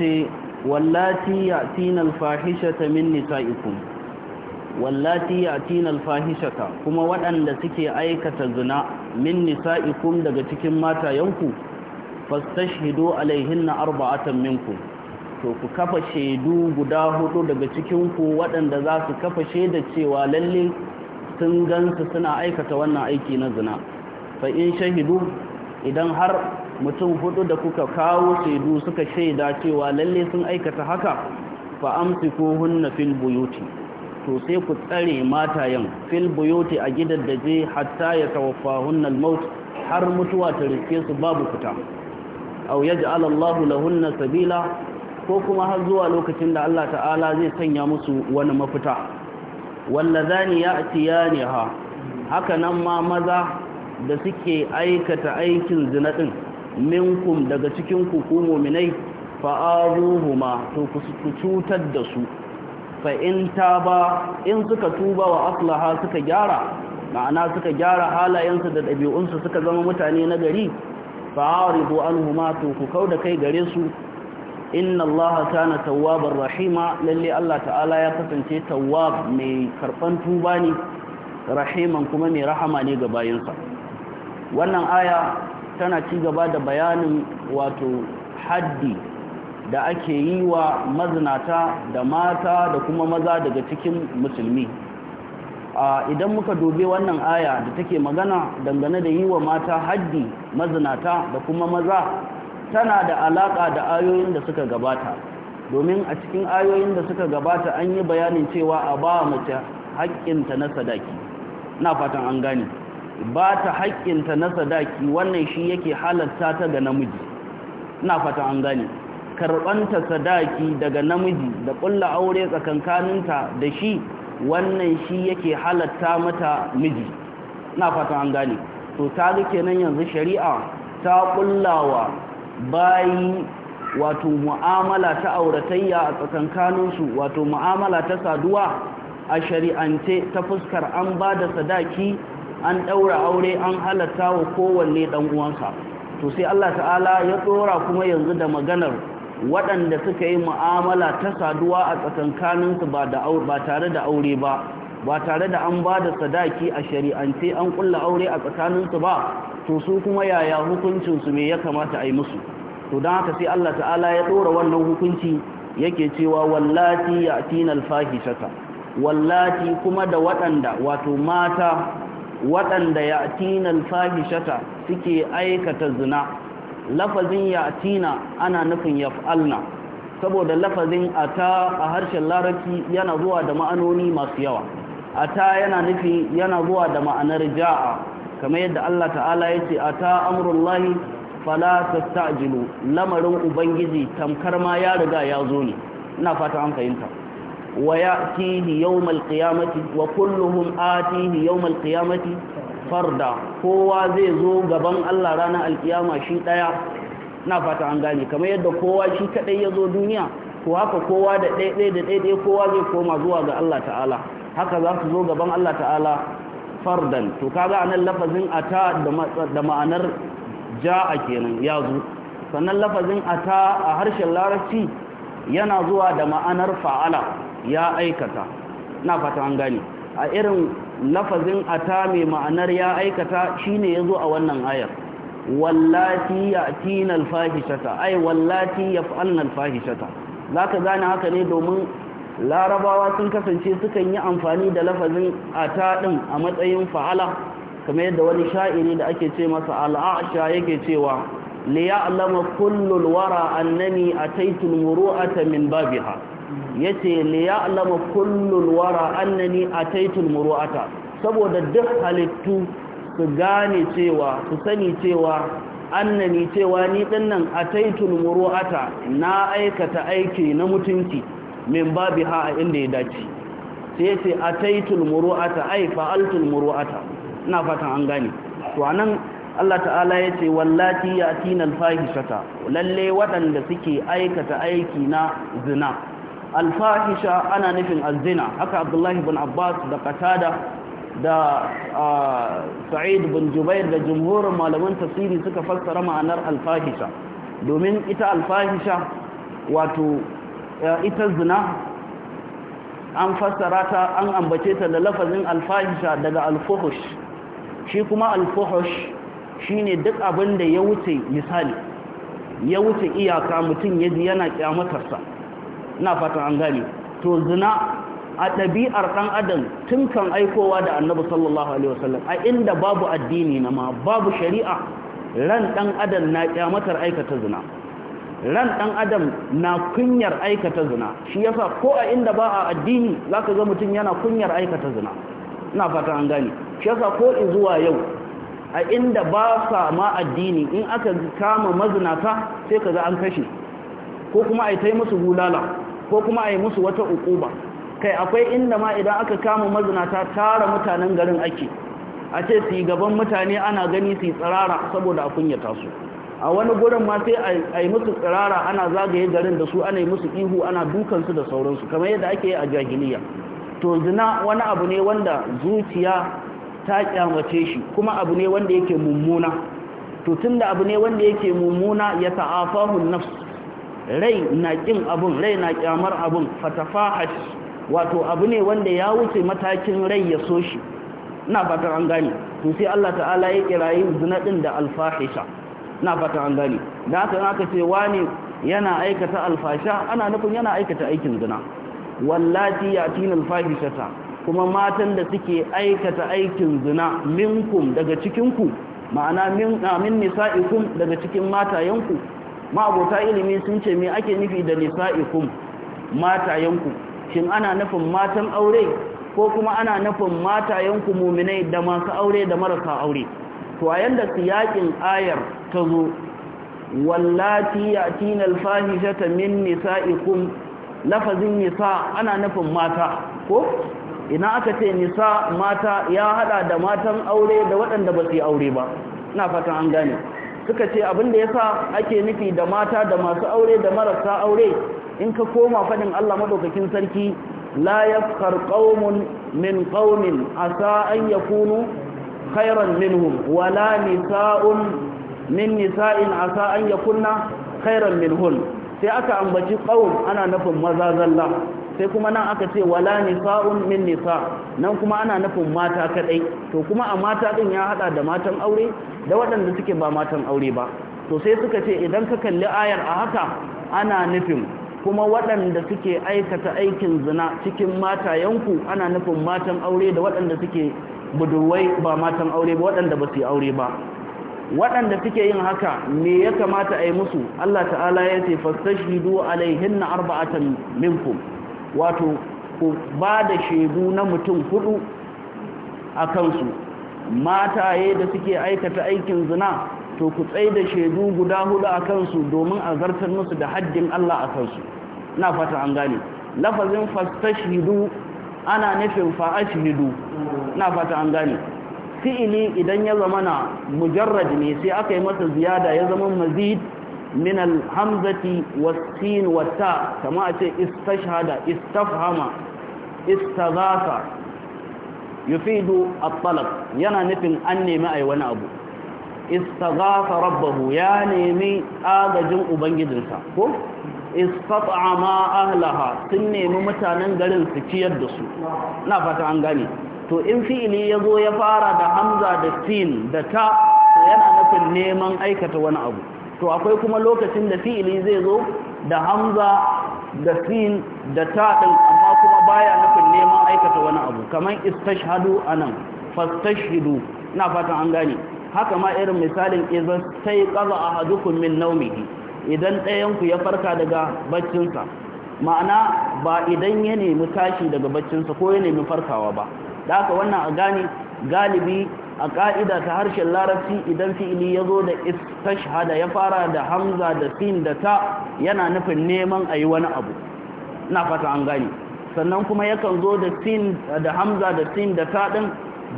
ce wallati yatina fahishata min nisaikum wallati yatina fahishata? kuma waɗanda suke aikata zina min nisaikum daga cikin matayenku fastashhidu alaihinna arba'atan minkum to ku kafa shaidu guda hudu daga cikin ku waɗanda za su kafa shaida cewa lalle sun gansu suna aikata wannan aiki na zina fa in shahidu idan har mutum hudu da kuka kawo shaidu suka shaida cewa lalle sun aikata haka fa hunna fil buyuti to sai ku tsare matayen fil buyuti a gidaddaje hatta ya tawaffahunna al maut har mutuwa ta riske su babu fita aw yaj'al Allahu lahunna sabila ko kuma har zuwa lokacin da Allah ta'ala zai sanya musu wani mafita wallazani ya'tiyaniha haka nan ma maza da suke aikata aikin zina din minkum daga cikin ku ku fa'aruhuma to ku cutar da su fa in in suka tuba wa aslaha suka gyara ma'ana suka gyara halayensu da ɗabi'unsu suka zama mutane na gari fa'aridu anhuma to ku da kai gare su inna Allah kana rahima lalle Allah ta'ala ya kasance tawab mai karban tuba ne rahiman kuma mai rahama ne ga bayinsa wannan aya tana ci gaba da bayanin wato haddi da ake yi wa mazinata da mata da kuma maza daga cikin musulmi idan muka dobe wannan aya da take magana dangane da yi wa mata haddi mazinata da kuma maza tana da alaƙa da ayoyin da suka gabata domin a cikin ayoyin da suka gabata an yi bayanin cewa a ba mace haƙƙinta na sadaki na fatan an gane ba ta haƙƙinta na sadaki wannan shi yake halatta ta ga namiji ina fata an gane karɓanta sadaki daga namiji da ƙulla aure tsakankaninta da shi wannan shi yake halatta mata miji ina fata an gane to ta ga kenan yanzu shari'a ta ƙullawa bayi wato mu'amala ta auratayya a tsakankaninsu wato mu'amala ta saduwa a shari'ance ta fuskar an ba da sadaki an ɗaura aure an halatta wa kowanne ɗan uwansa to sai Allah ta'ala ya tsora kuma yanzu da maganar waɗanda suka yi mu'amala ta saduwa a tsakankaninsu ba tare da aure ba ba tare da an ba da sadaki a shari'ance an ƙulla aure a tsakaninsu ba to su kuma yaya hukuncinsu me ya kamata a yi musu to don haka sai Allah ta'ala ya tsora wannan hukunci yake cewa wallati ya tinal fahishata wallati kuma da waɗanda wato mata waɗanda ya tinan fahishata suke aikata zina lafazin ya tina ana nufin yaf'alna saboda lafazin ta a harshen laraki yana zuwa da ma'anoni masu yawa ta yana nufi yana zuwa da ma'anar ja'a kamar yadda Allah ta'ala ya ce amurin lahi fala sa’ajilu lamarin ubangiji tamkar ma ya riga ya zo ne ina fata an fahimta ويأتيه يوم القيامة وكلهم آتيه يوم القيامة Farda kowa zai zo gaban Allah رانا القيامة shi دايا ina fata an gane kamar yadda kowa shi kadai ya zo duniya ko haka kowa da daidai da daidai kowa zai koma zuwa ga Allah ta'ala haka za su zo gaban Allah ta'ala fardan to kaga anan lafazin ata da ma'anar ja'a kenan ya sannan lafazin ata a harshen larabci yana zuwa da ma'anar fa'ala ya aikata na fata an gane a irin lafazin ata mai ma'anar ya aikata shine yazo a wannan ayar wallati ya'tina alfahishata ay wallati yaf'alna alfahishata zaka gane haka ne domin larabawa sun kasance sukan yi amfani da lafazin ata din a matsayin fa'ala kamar yadda wani sha'iri da ake ce masa al'asha yake cewa liya'lama kullul wara annani ataitul muru'ata min babiha yace li ya'lamu kullum wara annani ataitul muru'ata saboda duk halittu su gane cewa su sani cewa annani cewa ni dinnan ataitul muru'ata na aikata aiki na mutunci min ha a inda ya dace sai yace ataitul muru'ata ai fa'altul muru'ata ina fatan an gane to anan Allah ta'ala ya ce wallati ya tinal fahishata lalle waɗanda suke aikata aiki na zina alfahisha ana nufin azina haka abdullahi bin abbas da qatada da sa'id bin jubair da jumhurin malaman tafsiri suka fassara ma'anar alfahisha domin ita alfahisha wato ita zina an fassara ta an ambace ta da lafazin alfahisha daga alfuhush shi kuma alfuhush shine duk abin da ya wuce misali ya wuce iyaka mutum yaji yana kyamatarsa na fatan an gane to zina a ɗabi'ar ɗan adam tun kan aikowa da annabi sallallahu alaihi wasallam a inda babu addini na ma babu shari'a ran ɗan adam na kyamatar aikata zina ran ɗan adam na kunyar aikata zina shi yasa ko a inda ba a addini za ka ga mutum yana kunyar aikata zina ina fatan an gane shi yasa ko zuwa yau a inda ba sa ma addini in aka kama mazinata sai ka ga an kashe ko kuma a yi ta musu bulala ko kuma a yi musu wata ukuba kai akwai inda ma idan aka kama mazinata tara mutanen garin ake a ce su yi gaban mutane ana gani su yi tsirara saboda a kunyata su a wani gurin ma sai a yi musu tsirara ana zagaye garin da su ana yi musu ihu ana dukansu da sauransu kamar yadda ake yi a jahiliya to zina wani abu ne wanda zuciya ta kyamace shi kuma abu ne wanda yake mummuna to tun da abu ne wanda yake mummuna ya ta'afahu nafs rai na kin abun rai na kyamar abun fatafahash wato abu ne wanda ya wuce matakin rai ya so shi na fatan an gane to sai Allah ta'ala ya kirayi zina din da alfahisha na fatan an gane da haka aka ce wani yana aikata alfasha ana nufin yana aikata aikin zina ya yatina alfahishata kuma matan da suke aikata aikin zina minkum daga cikin ku ma'ana ah, min nisa'ikum daga cikin matayanku ma'abota ilimi sun ce me ake nufi da nisa'ikum matayenku shin ana nufin matan aure ko kuma ana nufin matayenku muminai da masu aure da marasa aure to a yanda siyakin ayar ta zo wallati yatina alfahishata min nisa'ikum lafazin nisa ana nufin mata ko ina aka ce nisa mata ya hada da matan aure da waɗanda ba su yi aure ba ina fatan an gane suka ce abin da yasa ake nufi da mata da masu aure da marasa aure in ka koma faɗin Allah madaukakin sarki la yafkhar qaumun min qaumin asa an yakunu khairan minhum wala nisa'un min nisa'in asa ya kunna khairan minhun sai aka ambaci ƙaun ana nufin maza zalla sai kuma nan aka ce wala nisa'un min nisa nan kuma ana nufin mata kadai to kuma a mata din ya hada da matan aure da waɗanda suke ba matan aure ba to sai suka ce idan ka kalli ayar a haka ana nufin kuma waɗanda suke aikata aikin zina cikin matayenku ana nufin matan aure da waɗanda suke budurwai ba matan aure ba waɗanda ba su yi aure ba waɗanda suke yin haka me ya kamata a yi musu Allah ta'ala ya ce fastashidu alaihinna arba'atan minkum wato ku ba da shaidu na mutum hudu a kansu mataye da suke aikata aikin zina to ku tsai da shaidu guda hudu a kansu domin a zartar musu da haddin Allah a kansu na fata an gane lafazin fastashidu ana nufin fa'ashidu na fata an gane fi'ili idan ya zama na mujarrad ne sai aka yi masa ziyada ya zama mazid min alhamzati wasin wata kama a ce istashhada istafhama istazafa yufidu at-talab yana nufin an nemi ay wani abu istazafa rabbahu ya nemi agajin ubangijinsa ko istat'ama ahlaha sun nemi mutanen garin su ciyar da su na fata an gane to in fili ya zo ya fara da hamza da sin da ta yana nufin neman aikata wani abu to akwai kuma lokacin da fi'ili zai zo da hamza da sin da ta din amma kuma baya nufin neman aikata wani abu kamar istashhadu anan fastashhidu ina fatan an gane haka ma irin misalin idan sai qaza ahadukum min nawmihi idan ɗayan ku ya farka daga baccinsa ma'ana ba idan ya nemi tashi daga baccinsa ko ya nemi farkawa ba da haka wannan a gane galibi a ƙa'ida ta harshen larabci idan fi'ili ya zo da istashhada ya fara da hamza da sin da ta yana nufin neman a yi wani abu na fata an gani sannan kuma yakan zo da sin da hamza da sin da ta ɗin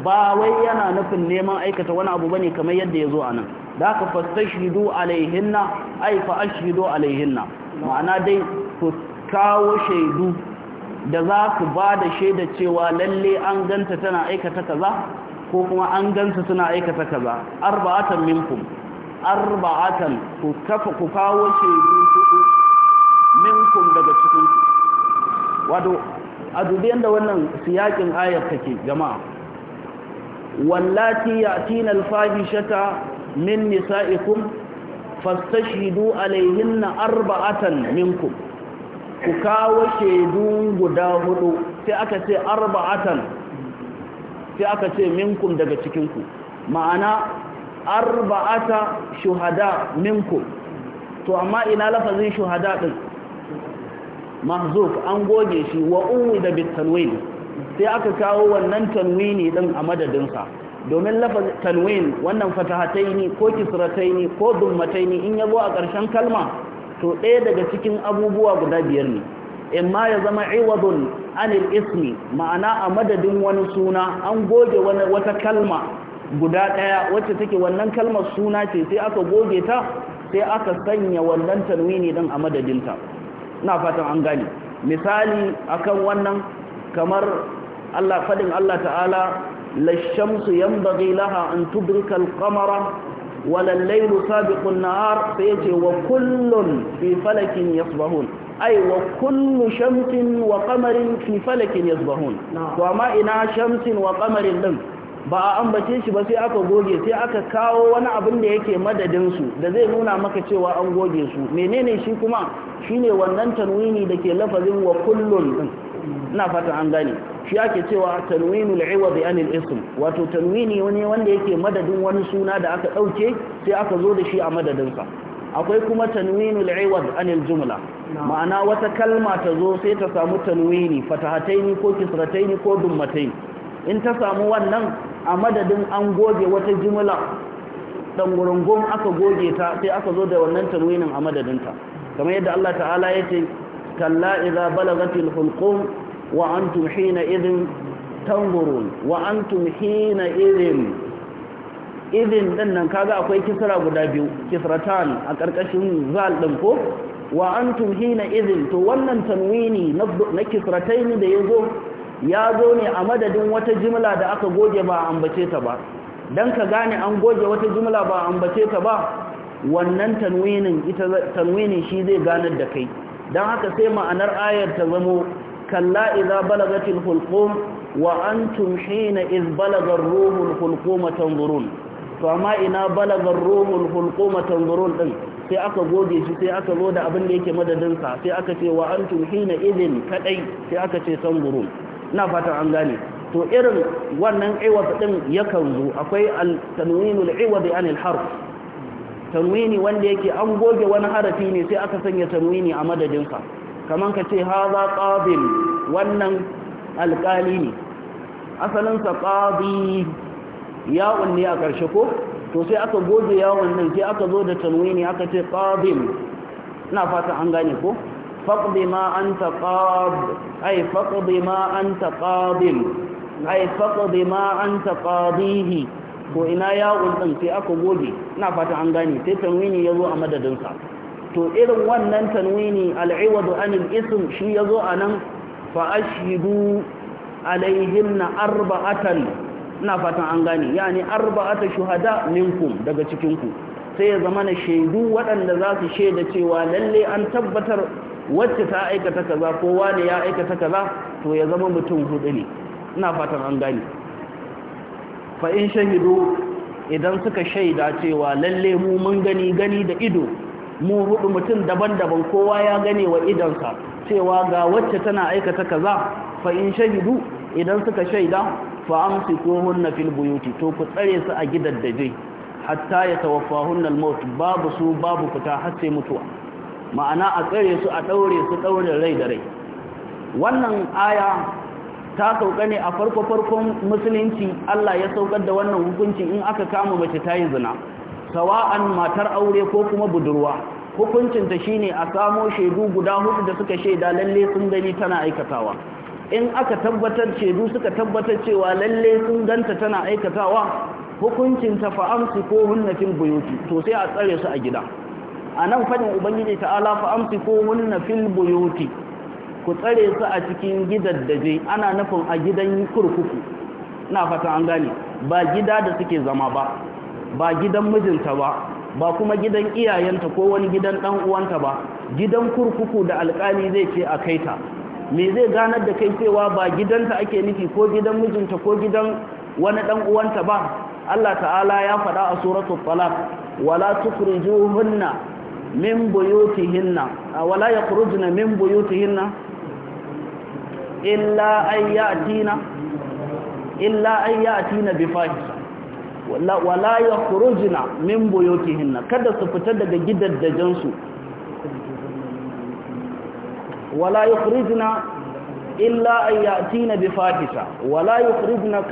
ba wai yana nufin neman aikata wani abu bane kamar yadda ya zo a nan da aka fastashidu alaihinna ai fa ashhidu alaihinna ma'ana dai ku kawo shaidu da za ku ba da shaida cewa lalle an ganta tana aikata kaza ko kuma an gansu suna aikata kaza arba'atan minkum arba'atan ku kafa ku kawo shaidu hudu minkum daga cikin wato a dubiyan da wannan siyakin ayar take jama'a wallati ya'tina al-fahishata min nisa'ikum fastashhidu alayhinna arba'atan minkum ku kawo shaidu guda hudu sai aka ce arba'atan sai aka ce minkum daga cikinku ma'ana arba'ata shuhada minkum to amma ina lafazin shuhada din mahzuf an goge shi wa da bitanwin sai aka kawo wannan tanwini din a madadinsa domin lafazin tanwin wannan fatahataini ko kisrataini ko dummataini in zo a karshen kalma to ɗaya daga cikin abubuwa guda biyar ne imma ya zama iwadun anil ismi ma'ana a madadin wani suna an goge wata kalma guda ɗaya wacce take wannan kalmar suna ce sai aka goge ta sai aka sanya wannan tanwini din a madadinta na fatan an gani misali akan wannan kamar Allah fadin Allah ta'ala lashamsu yanbaghi laha an tudrika al-qamara wala al-laylu sabiqu an-nahar sai ce wa kullun fi falakin yasbahun ai wa kullu shamsin wa qamarin fi falakin yasbahun to amma ina shamsin wa qamarin din ba a ambace shi ba sai aka goge sai aka kawo wani abin da yake madadin su da zai nuna maka cewa an goge su menene shi kuma shine wannan tanwini dake lafazin wa kullun din ina fata an gane shi ake cewa tanwinul iwad an al-ism wato tanwini ne wanda yake madadin wani suna da aka dauke sai aka zo da shi a madadin sa akwai kuma tanwinul iwad anil jumla ma'ana wata kalma ta zo sai ta samu tanwini fatahataini ko kisrataini ko dummatai in ta samu wannan a madadin an goge wata jumla dan gurungun aka goge ta sai aka zo da wannan tanwinin a madadinta kamar yadda Allah ta'ala yace kalla idza balagatil hulqum wa antum hina idhin tanzurun wa antum hina idhin izin ɗin nan kaga akwai kisra guda biyu kisratan a ƙarƙashin zal ɗin ko wa antum hina idin to wannan tanwini na kisratain da yazo ya zo ne a madadin wata jimla da aka goge ba ambace ta ba dan ka gane an goge wata jimla ba ambace ta ba wannan tanwinin ita tanwinin shi zai ganar da kai dan haka sai ma'anar ayar ta zamo kalla idza balagatil hulqum wa antum hina iz balagar ruhul hulqum tanzurun to amma ina balagar ruhul hulquma tanzurun din sai aka goge shi sai aka zo da abin da yake madadin sa sai aka ce wa antum hina idin kadai sai aka ce tanzurun ina fatan an gane to irin wannan iwad din yakan zo akwai al-tanwinul iwad anil harf tanwini wanda yake an goge wani harafi ne sai aka sanya tanwini a madadin sa kaman ka ce hadha qabil wannan alqali ne asalin sa qadi yawon ne a ƙarshe ko to sai aka goge yawon nan sai aka zo da tanwini aka ce qadim ina fata an gane ko faqdi ma anta qad ay faqdi ma anta qadim ay faqdi ma anta qadihi ko ina yawon din sai aka goge ina fata an gane sai tanwini yazo a madadin sa to irin wannan tanwini al-iwad an al-ism shi yazo anan fa ashhidu alaihinna arba'atan ina fatan an gane yani arba'ata shuhada minkum daga cikinku. sai ya zama na shaidu waɗanda za su shaida cewa lalle an tabbatar wacce ta aikata kaza ko wani ya aikata kaza to ya zama mutum hudu ne ina fatan an gane fa in shahidu idan suka shaida cewa lalle mu mun gani gani da ido mu hudu mutum daban-daban kowa ya gane wa idonsa cewa ga wacce tana aikata kaza fa in shahidu idan suka shaida to ku tsare su a فأمسكوهن في البيوت babu su babu kuta har sai mutuwa. Ma'ana a tsare su, a daure su, daure rai da rai. wannan aya ta sauka ne a farko-farkon musulunci Allah ya saukar da wannan hukunci in aka kama mace ta yi zina sawa'an matar aure ko kuma budurwa hukuncinta shine a samo shaidu guda hudu da suka shaida lalle sun gani tana aikatawa in aka tabbatar shaidu suka tabbatar cewa lalle sun ganta tana aikatawa hukuncin ta fa'amsi ko hunna fil buyuti to sai a tsare su a gida a nan fadin ubangiji ta'ala fa'amsi ko hunna fil buyuti ku tsare su a cikin gidaddaje ana nufin a gidan kurkuku na fata an gane ba gida da suke zama ba ba gidan mijinta ba ba kuma gidan iyayenta ko wani gidan dan uwanta ba gidan kurkuku da alƙali zai ce a kaita me zai ganar da kai cewa ba gidanta ake nufi ko gidan mijinta ko gidan wani dan uwanta ba Allah ta'ala ya faɗa a suratul talaq wala tukhrijuhunna min buyutihinna wala yakhrujna min buyutihinna illa ay ya'tina illa ay ya'tina bi fahisha wala yakhrujna min buyutihinna kada su fita daga gidaddajensu wala yukhrijna illa bi wala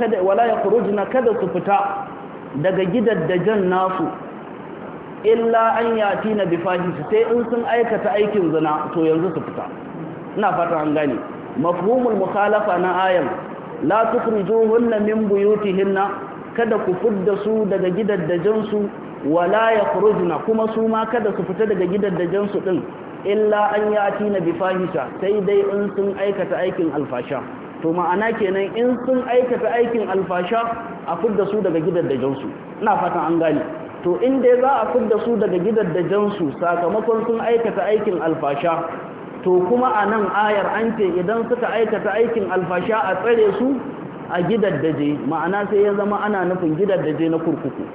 kada kada su fita daga gidaddajen nasu illa an na bi fahisha sai in sun aikata aikin zina to yanzu su fita ina fata an gane mafhumul mukhalafa na ayan la tukhrijuhunna min buyutihinna kada ku fudda su daga gidaddajen su wala yakhrujna kuma su ma kada su fita daga gidaddajen su din illa an ati na fahisha sai dai in sun aikata aikin alfasha to ma'ana kenan in sun aikata aikin alfasha a fudda su daga gidaddajensu ina fatan an gane to in dai za a fudda su daga gidaddajensu sakamakon sun aikata aikin alfasha to kuma a nan ayar an ce idan suka aikata aikin alfasha a tsare su a gidaddaje ma'ana sai ya zama ana nufin gidaddaje na kurkuku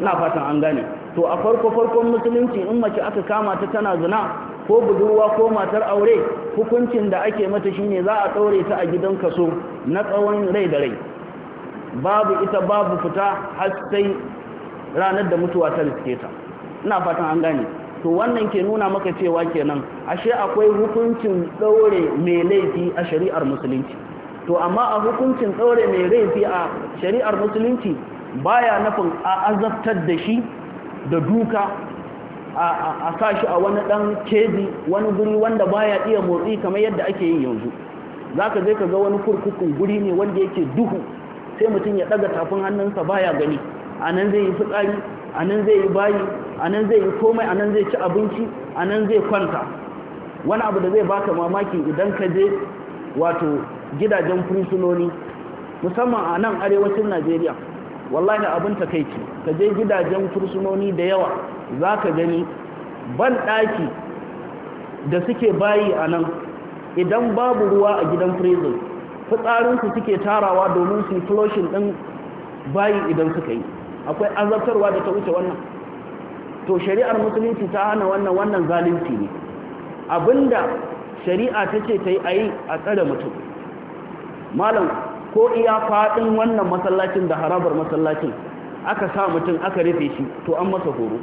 ina fatan an gane to a farko farkon musulunci in mace aka kama ta tana zina ko budurwa ko matar aure hukuncin da ake mata shine za a ɗaure ta a gidan kaso na tsawon rai da rai babu ita babu fita har sai ranar da mutuwa ta riske ta ina fatan an gane to wannan ke nuna maka cewa kenan ashe akwai hukuncin ɗaure mai laifi a shari'ar musulunci to amma a hukuncin ɗaure mai laifi a shari'ar musulunci baya nufin a azabtar da shi da duka a sashi a wani dan keji wani guri wanda baya iya motsi kamar yadda ake yi yanzu zaka je ka ga wani kurkukun guri ne wanda yake duhu sai mutum ya daga tafin hannunsa baya gani anan zai yi fitsari anan zai yi bayi anan zai yi komai anan zai ci abinci anan zai kwanta wani abu da zai baka mamaki idan ka je wato gidajen fursunoni musamman a nan arewacin Najeriya wallahi abin takaici ka je gidajen fursunoni da yawa za ka gani ban ɗaki da suke bayi a nan idan babu ruwa a gidan prison fitsarinsu suke tarawa domin su flushing ɗin bayi idan suka yi akwai azabtarwa da ta wuce wannan to shari'ar musulunci ta hana wannan wannan zalunci ne abinda shari'a ta ce ta yi a yi a tsare mutum malam ko iya faɗin wannan masallacin da harabar masallacin aka sa mutum aka rufe shi to an masa horo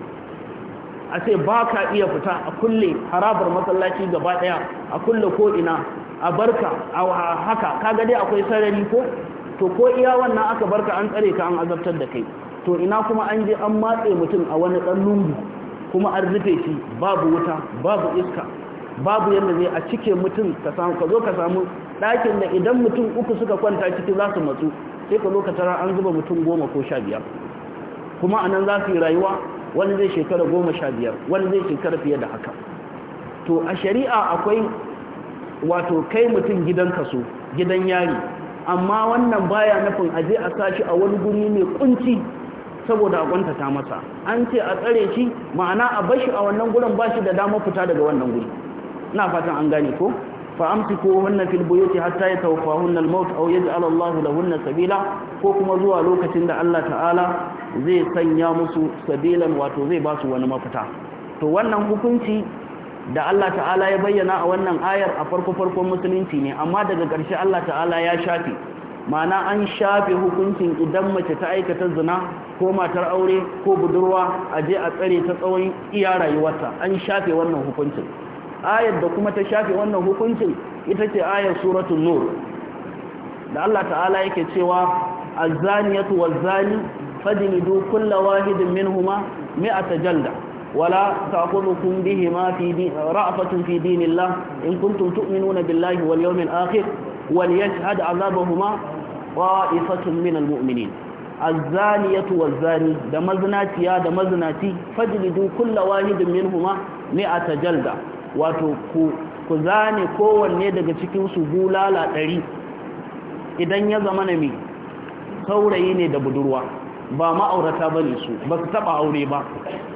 a ce ba ka iya fita a kulle harabar masallaci gaba ɗaya a kulle ko'ina a barka a haka kaga dai akwai sarari ko to ko iya wannan aka barka an tsare ka an azabtar da kai to ina kuma an je an matse mutum a wani ɗan lungu kuma an rufe shi babu wuta babu iska babu yadda zai a cike mutum ka samu ka zo ka samu ɗakin da idan mutum uku suka kwanta ciki za su matsu sai ka zo ka tara an zuba mutum goma ko sha biyar kuma a nan za su yi rayuwa wani zai shekara goma sha biyar wani zai shekara fiye da haka to a shari'a akwai wato kai mutum gidan kaso gidan yari amma wannan baya nufin a je a sashi a wani guri mai kunci saboda a kwanta ta masa an ce a tsare shi ma'ana a bashi a wannan gurin bashi da dama fita daga wannan guri ina fatan an gane ko fa amsikuhunna fil buyuti hatta yatawfahunna al-maut aw yaj'al Allah lahunna sabila ko kuma zuwa lokacin da Allah ta'ala zai sanya musu sabilan wato zai ba su wani mafita to wannan hukunci da Allah ta'ala ya bayyana a wannan ayar a farko farkon musulunci ne amma daga ƙarshe Allah ta'ala ya shafe ma'ana an shafe hukuncin idan mace ta aikata zina ko matar aure ko budurwa a je a tsare ta tsawon iya rayuwarta an shafe wannan hukuncin ayar da kuma ta shafi wannan hukuncin ita ce ayar suratul nur da Allah ta'ala yake cewa az-zaniyatu waz-zani fajlidu kulla wahidin minhuma mi'ata jalda wala ta'khudhukum bihima fi ra'fatun fi dinillah in kuntum tu'minuna billahi wal yawmil akhir وليشهد عذابهما طائفة من المؤمنين الزانية والزاني da دمزناتي فاجلدوا كل واحد منهما مئة جلدة wato ku zane kowanne daga cikin cikinsu bulala ɗari idan ya zama na mai saurayi ne da budurwa ba ma'aurata ba ne su ba su taɓa aure ba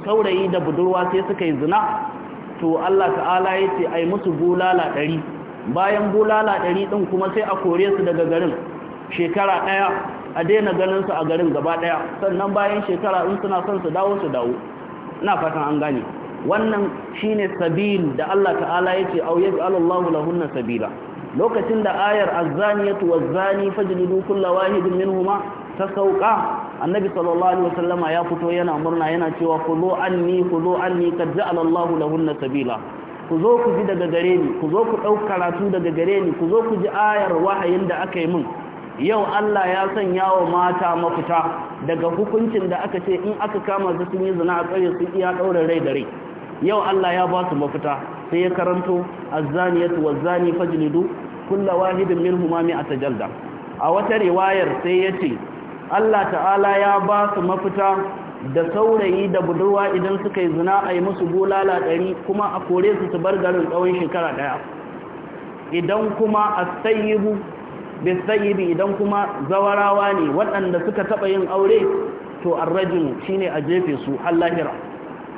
saurayi da budurwa sai suka yi zina to Allah ta'ala ya ce ai musu bulala ɗari bayan bulala ɗari ɗin kuma sai a kore su daga garin shekara ɗaya a daina ganin su a garin gaba ɗaya sannan bayan shekara in suna son su dawo su dawo ina fatan an gane wannan shine sabil da Allah ta'ala yake au yaj'alallahu lahunna sabila lokacin da ayar az-zaniyatu waz fajlidu kulla wahidin minhuma ta sauka annabi sallallahu alaihi wasallama ya fito yana murna yana cewa khudhu anni khudhu anni kad ja'ala Allahu lahunna sabila ku zo ku ji daga gare ni ku zo ku ɗauka karatu daga gare ni ku zo ku ji ayar wahayin da aka yi min yau Allah ya sanya wa mata mafita daga hukuncin da aka ce in aka kama su sun yi zina a tsaye su iya daure rai da rai yau Allah ya ba su mafita sai ya karanto azzaniyatu wazzani fajlidu kullu wahidin minhum ma ta jalda a wata riwayar sai yace Allah ta'ala ya ba su mafita da saurayi da budurwa idan suka yi zina a yi musu bulala ɗari kuma a kore su su bar garin tsawon shekara ɗaya idan kuma a sayibu bisayibi idan kuma zawarawa ne waɗanda suka taɓa yin aure to arrajin shine a jefe su har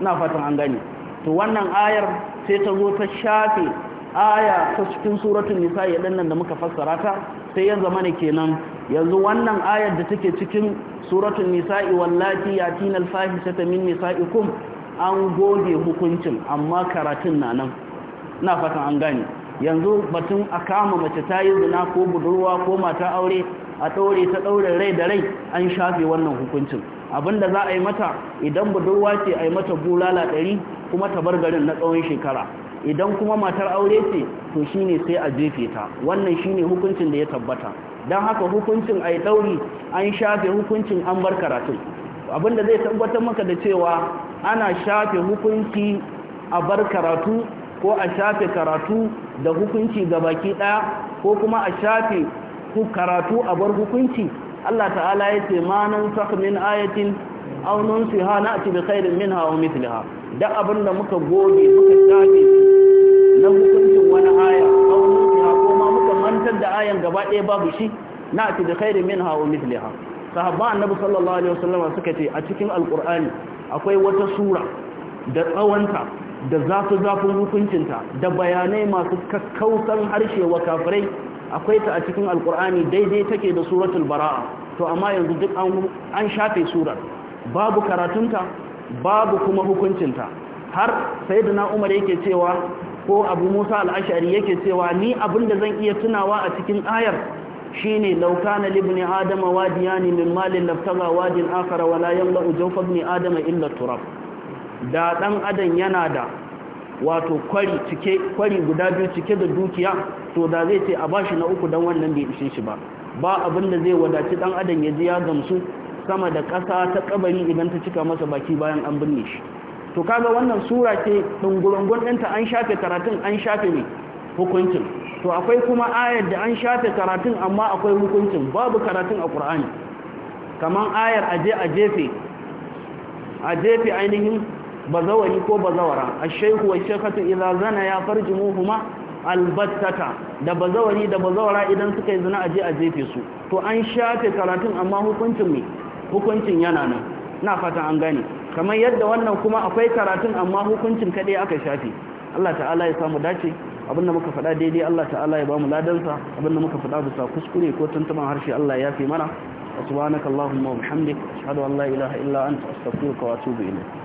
ina fatan an gani to wannan ayar sai ta zo ta shafe aya ta cikin suratul nisa'i ya da muka fassara ta sai yanzu mana kenan yanzu wannan ayar da take cikin suratul nisa'i wallati yatina alfahishata min nisa'ikum an goge hukuncin amma karatun na nan ina fatan an gane yanzu batun a kama mace ta yi zina ko budurwa ko mata aure a ɗaure ta ɗaure rai da rai an shafe wannan hukuncin Abin da za a yi mata idan budurwa ce a yi mata bulala ɗari kuma ta bar garin na tsawon shekara idan kuma matar aure ce to shine sai a jefe ta wannan shine hukuncin da ya tabbata don haka hukuncin a yi ɗauri an shafe hukuncin an bar karatu abinda zai tabbatar maka da cewa ana shafe hukunci a bar karatu ko a shafe karatu da hukunci ga baki ɗaya ko kuma a shafe karatu a bar hukunci Allah ta'ala ya ce ma nan sakh min ayatin aw nunsiha na'ti bi khairin minha aw mithliha da abinda muka goge muka tafi na hukuncin wani aya aw nunsiha ko ma muka mantar da ayan gaba ɗaya babu shi na'ti bi khairin minha aw mithliha sahabba annabi sallallahu alaihi wasallam suka ce a cikin alqur'ani akwai wata sura da tsawanta da zafi zafin hukuncinta da bayanai masu kakkausan harshe wa kafirai akwai ta a cikin alkur'ani daidai take da suratul bara'a to amma yanzu duk an shafe surar babu karatunta babu kuma hukuncinta har sai sayyidina umar yake cewa ko abu musa al'ashari yake cewa ni abin da zan iya tunawa a cikin ayar shine lauka na libni adama wadiyani min malin laftaga wadin akara wala yamla ujaufa ibn adama illa turab da ɗan adam yana da wato kwari cike kwari guda biyu cike da dukiya to da zai ce a bashi na uku dan wannan bai ishe shi ba ba abin da zai wadaci dan adam ya ji ya gamsu sama da ƙasa ta kabari idan ta cika masa baki bayan an binne shi to kaga wannan sura ce dungurungun ɗinta an shafe karatun an shafe ne hukuncin to akwai kuma ayar da an shafe karatun amma akwai hukuncin babu karatun a qur'ani kaman ayar aje a jefe a jefe ainihin bazawari ko bazawara ash-shaykhu wa shaykhatu idza zana ya farjumuhuma albattata da bazawari da bazawara idan suka yi zina aje a jefe su to an shafe karatun amma hukuncin hukuncin yana nan na fata an gane kamar yadda wannan kuma akwai karatun amma hukuncin kade aka shafe Allah ta'ala ya samu dace abinda muka faɗa daidai Allah ta'ala ya bamu ladansa abinda muka faɗa bisa kuskure ko tuntuban harshe Allah ya fi mana subhanakallahumma wa bihamdik ashhadu an la ilaha illa anta astaghfiruka wa atubu ilayk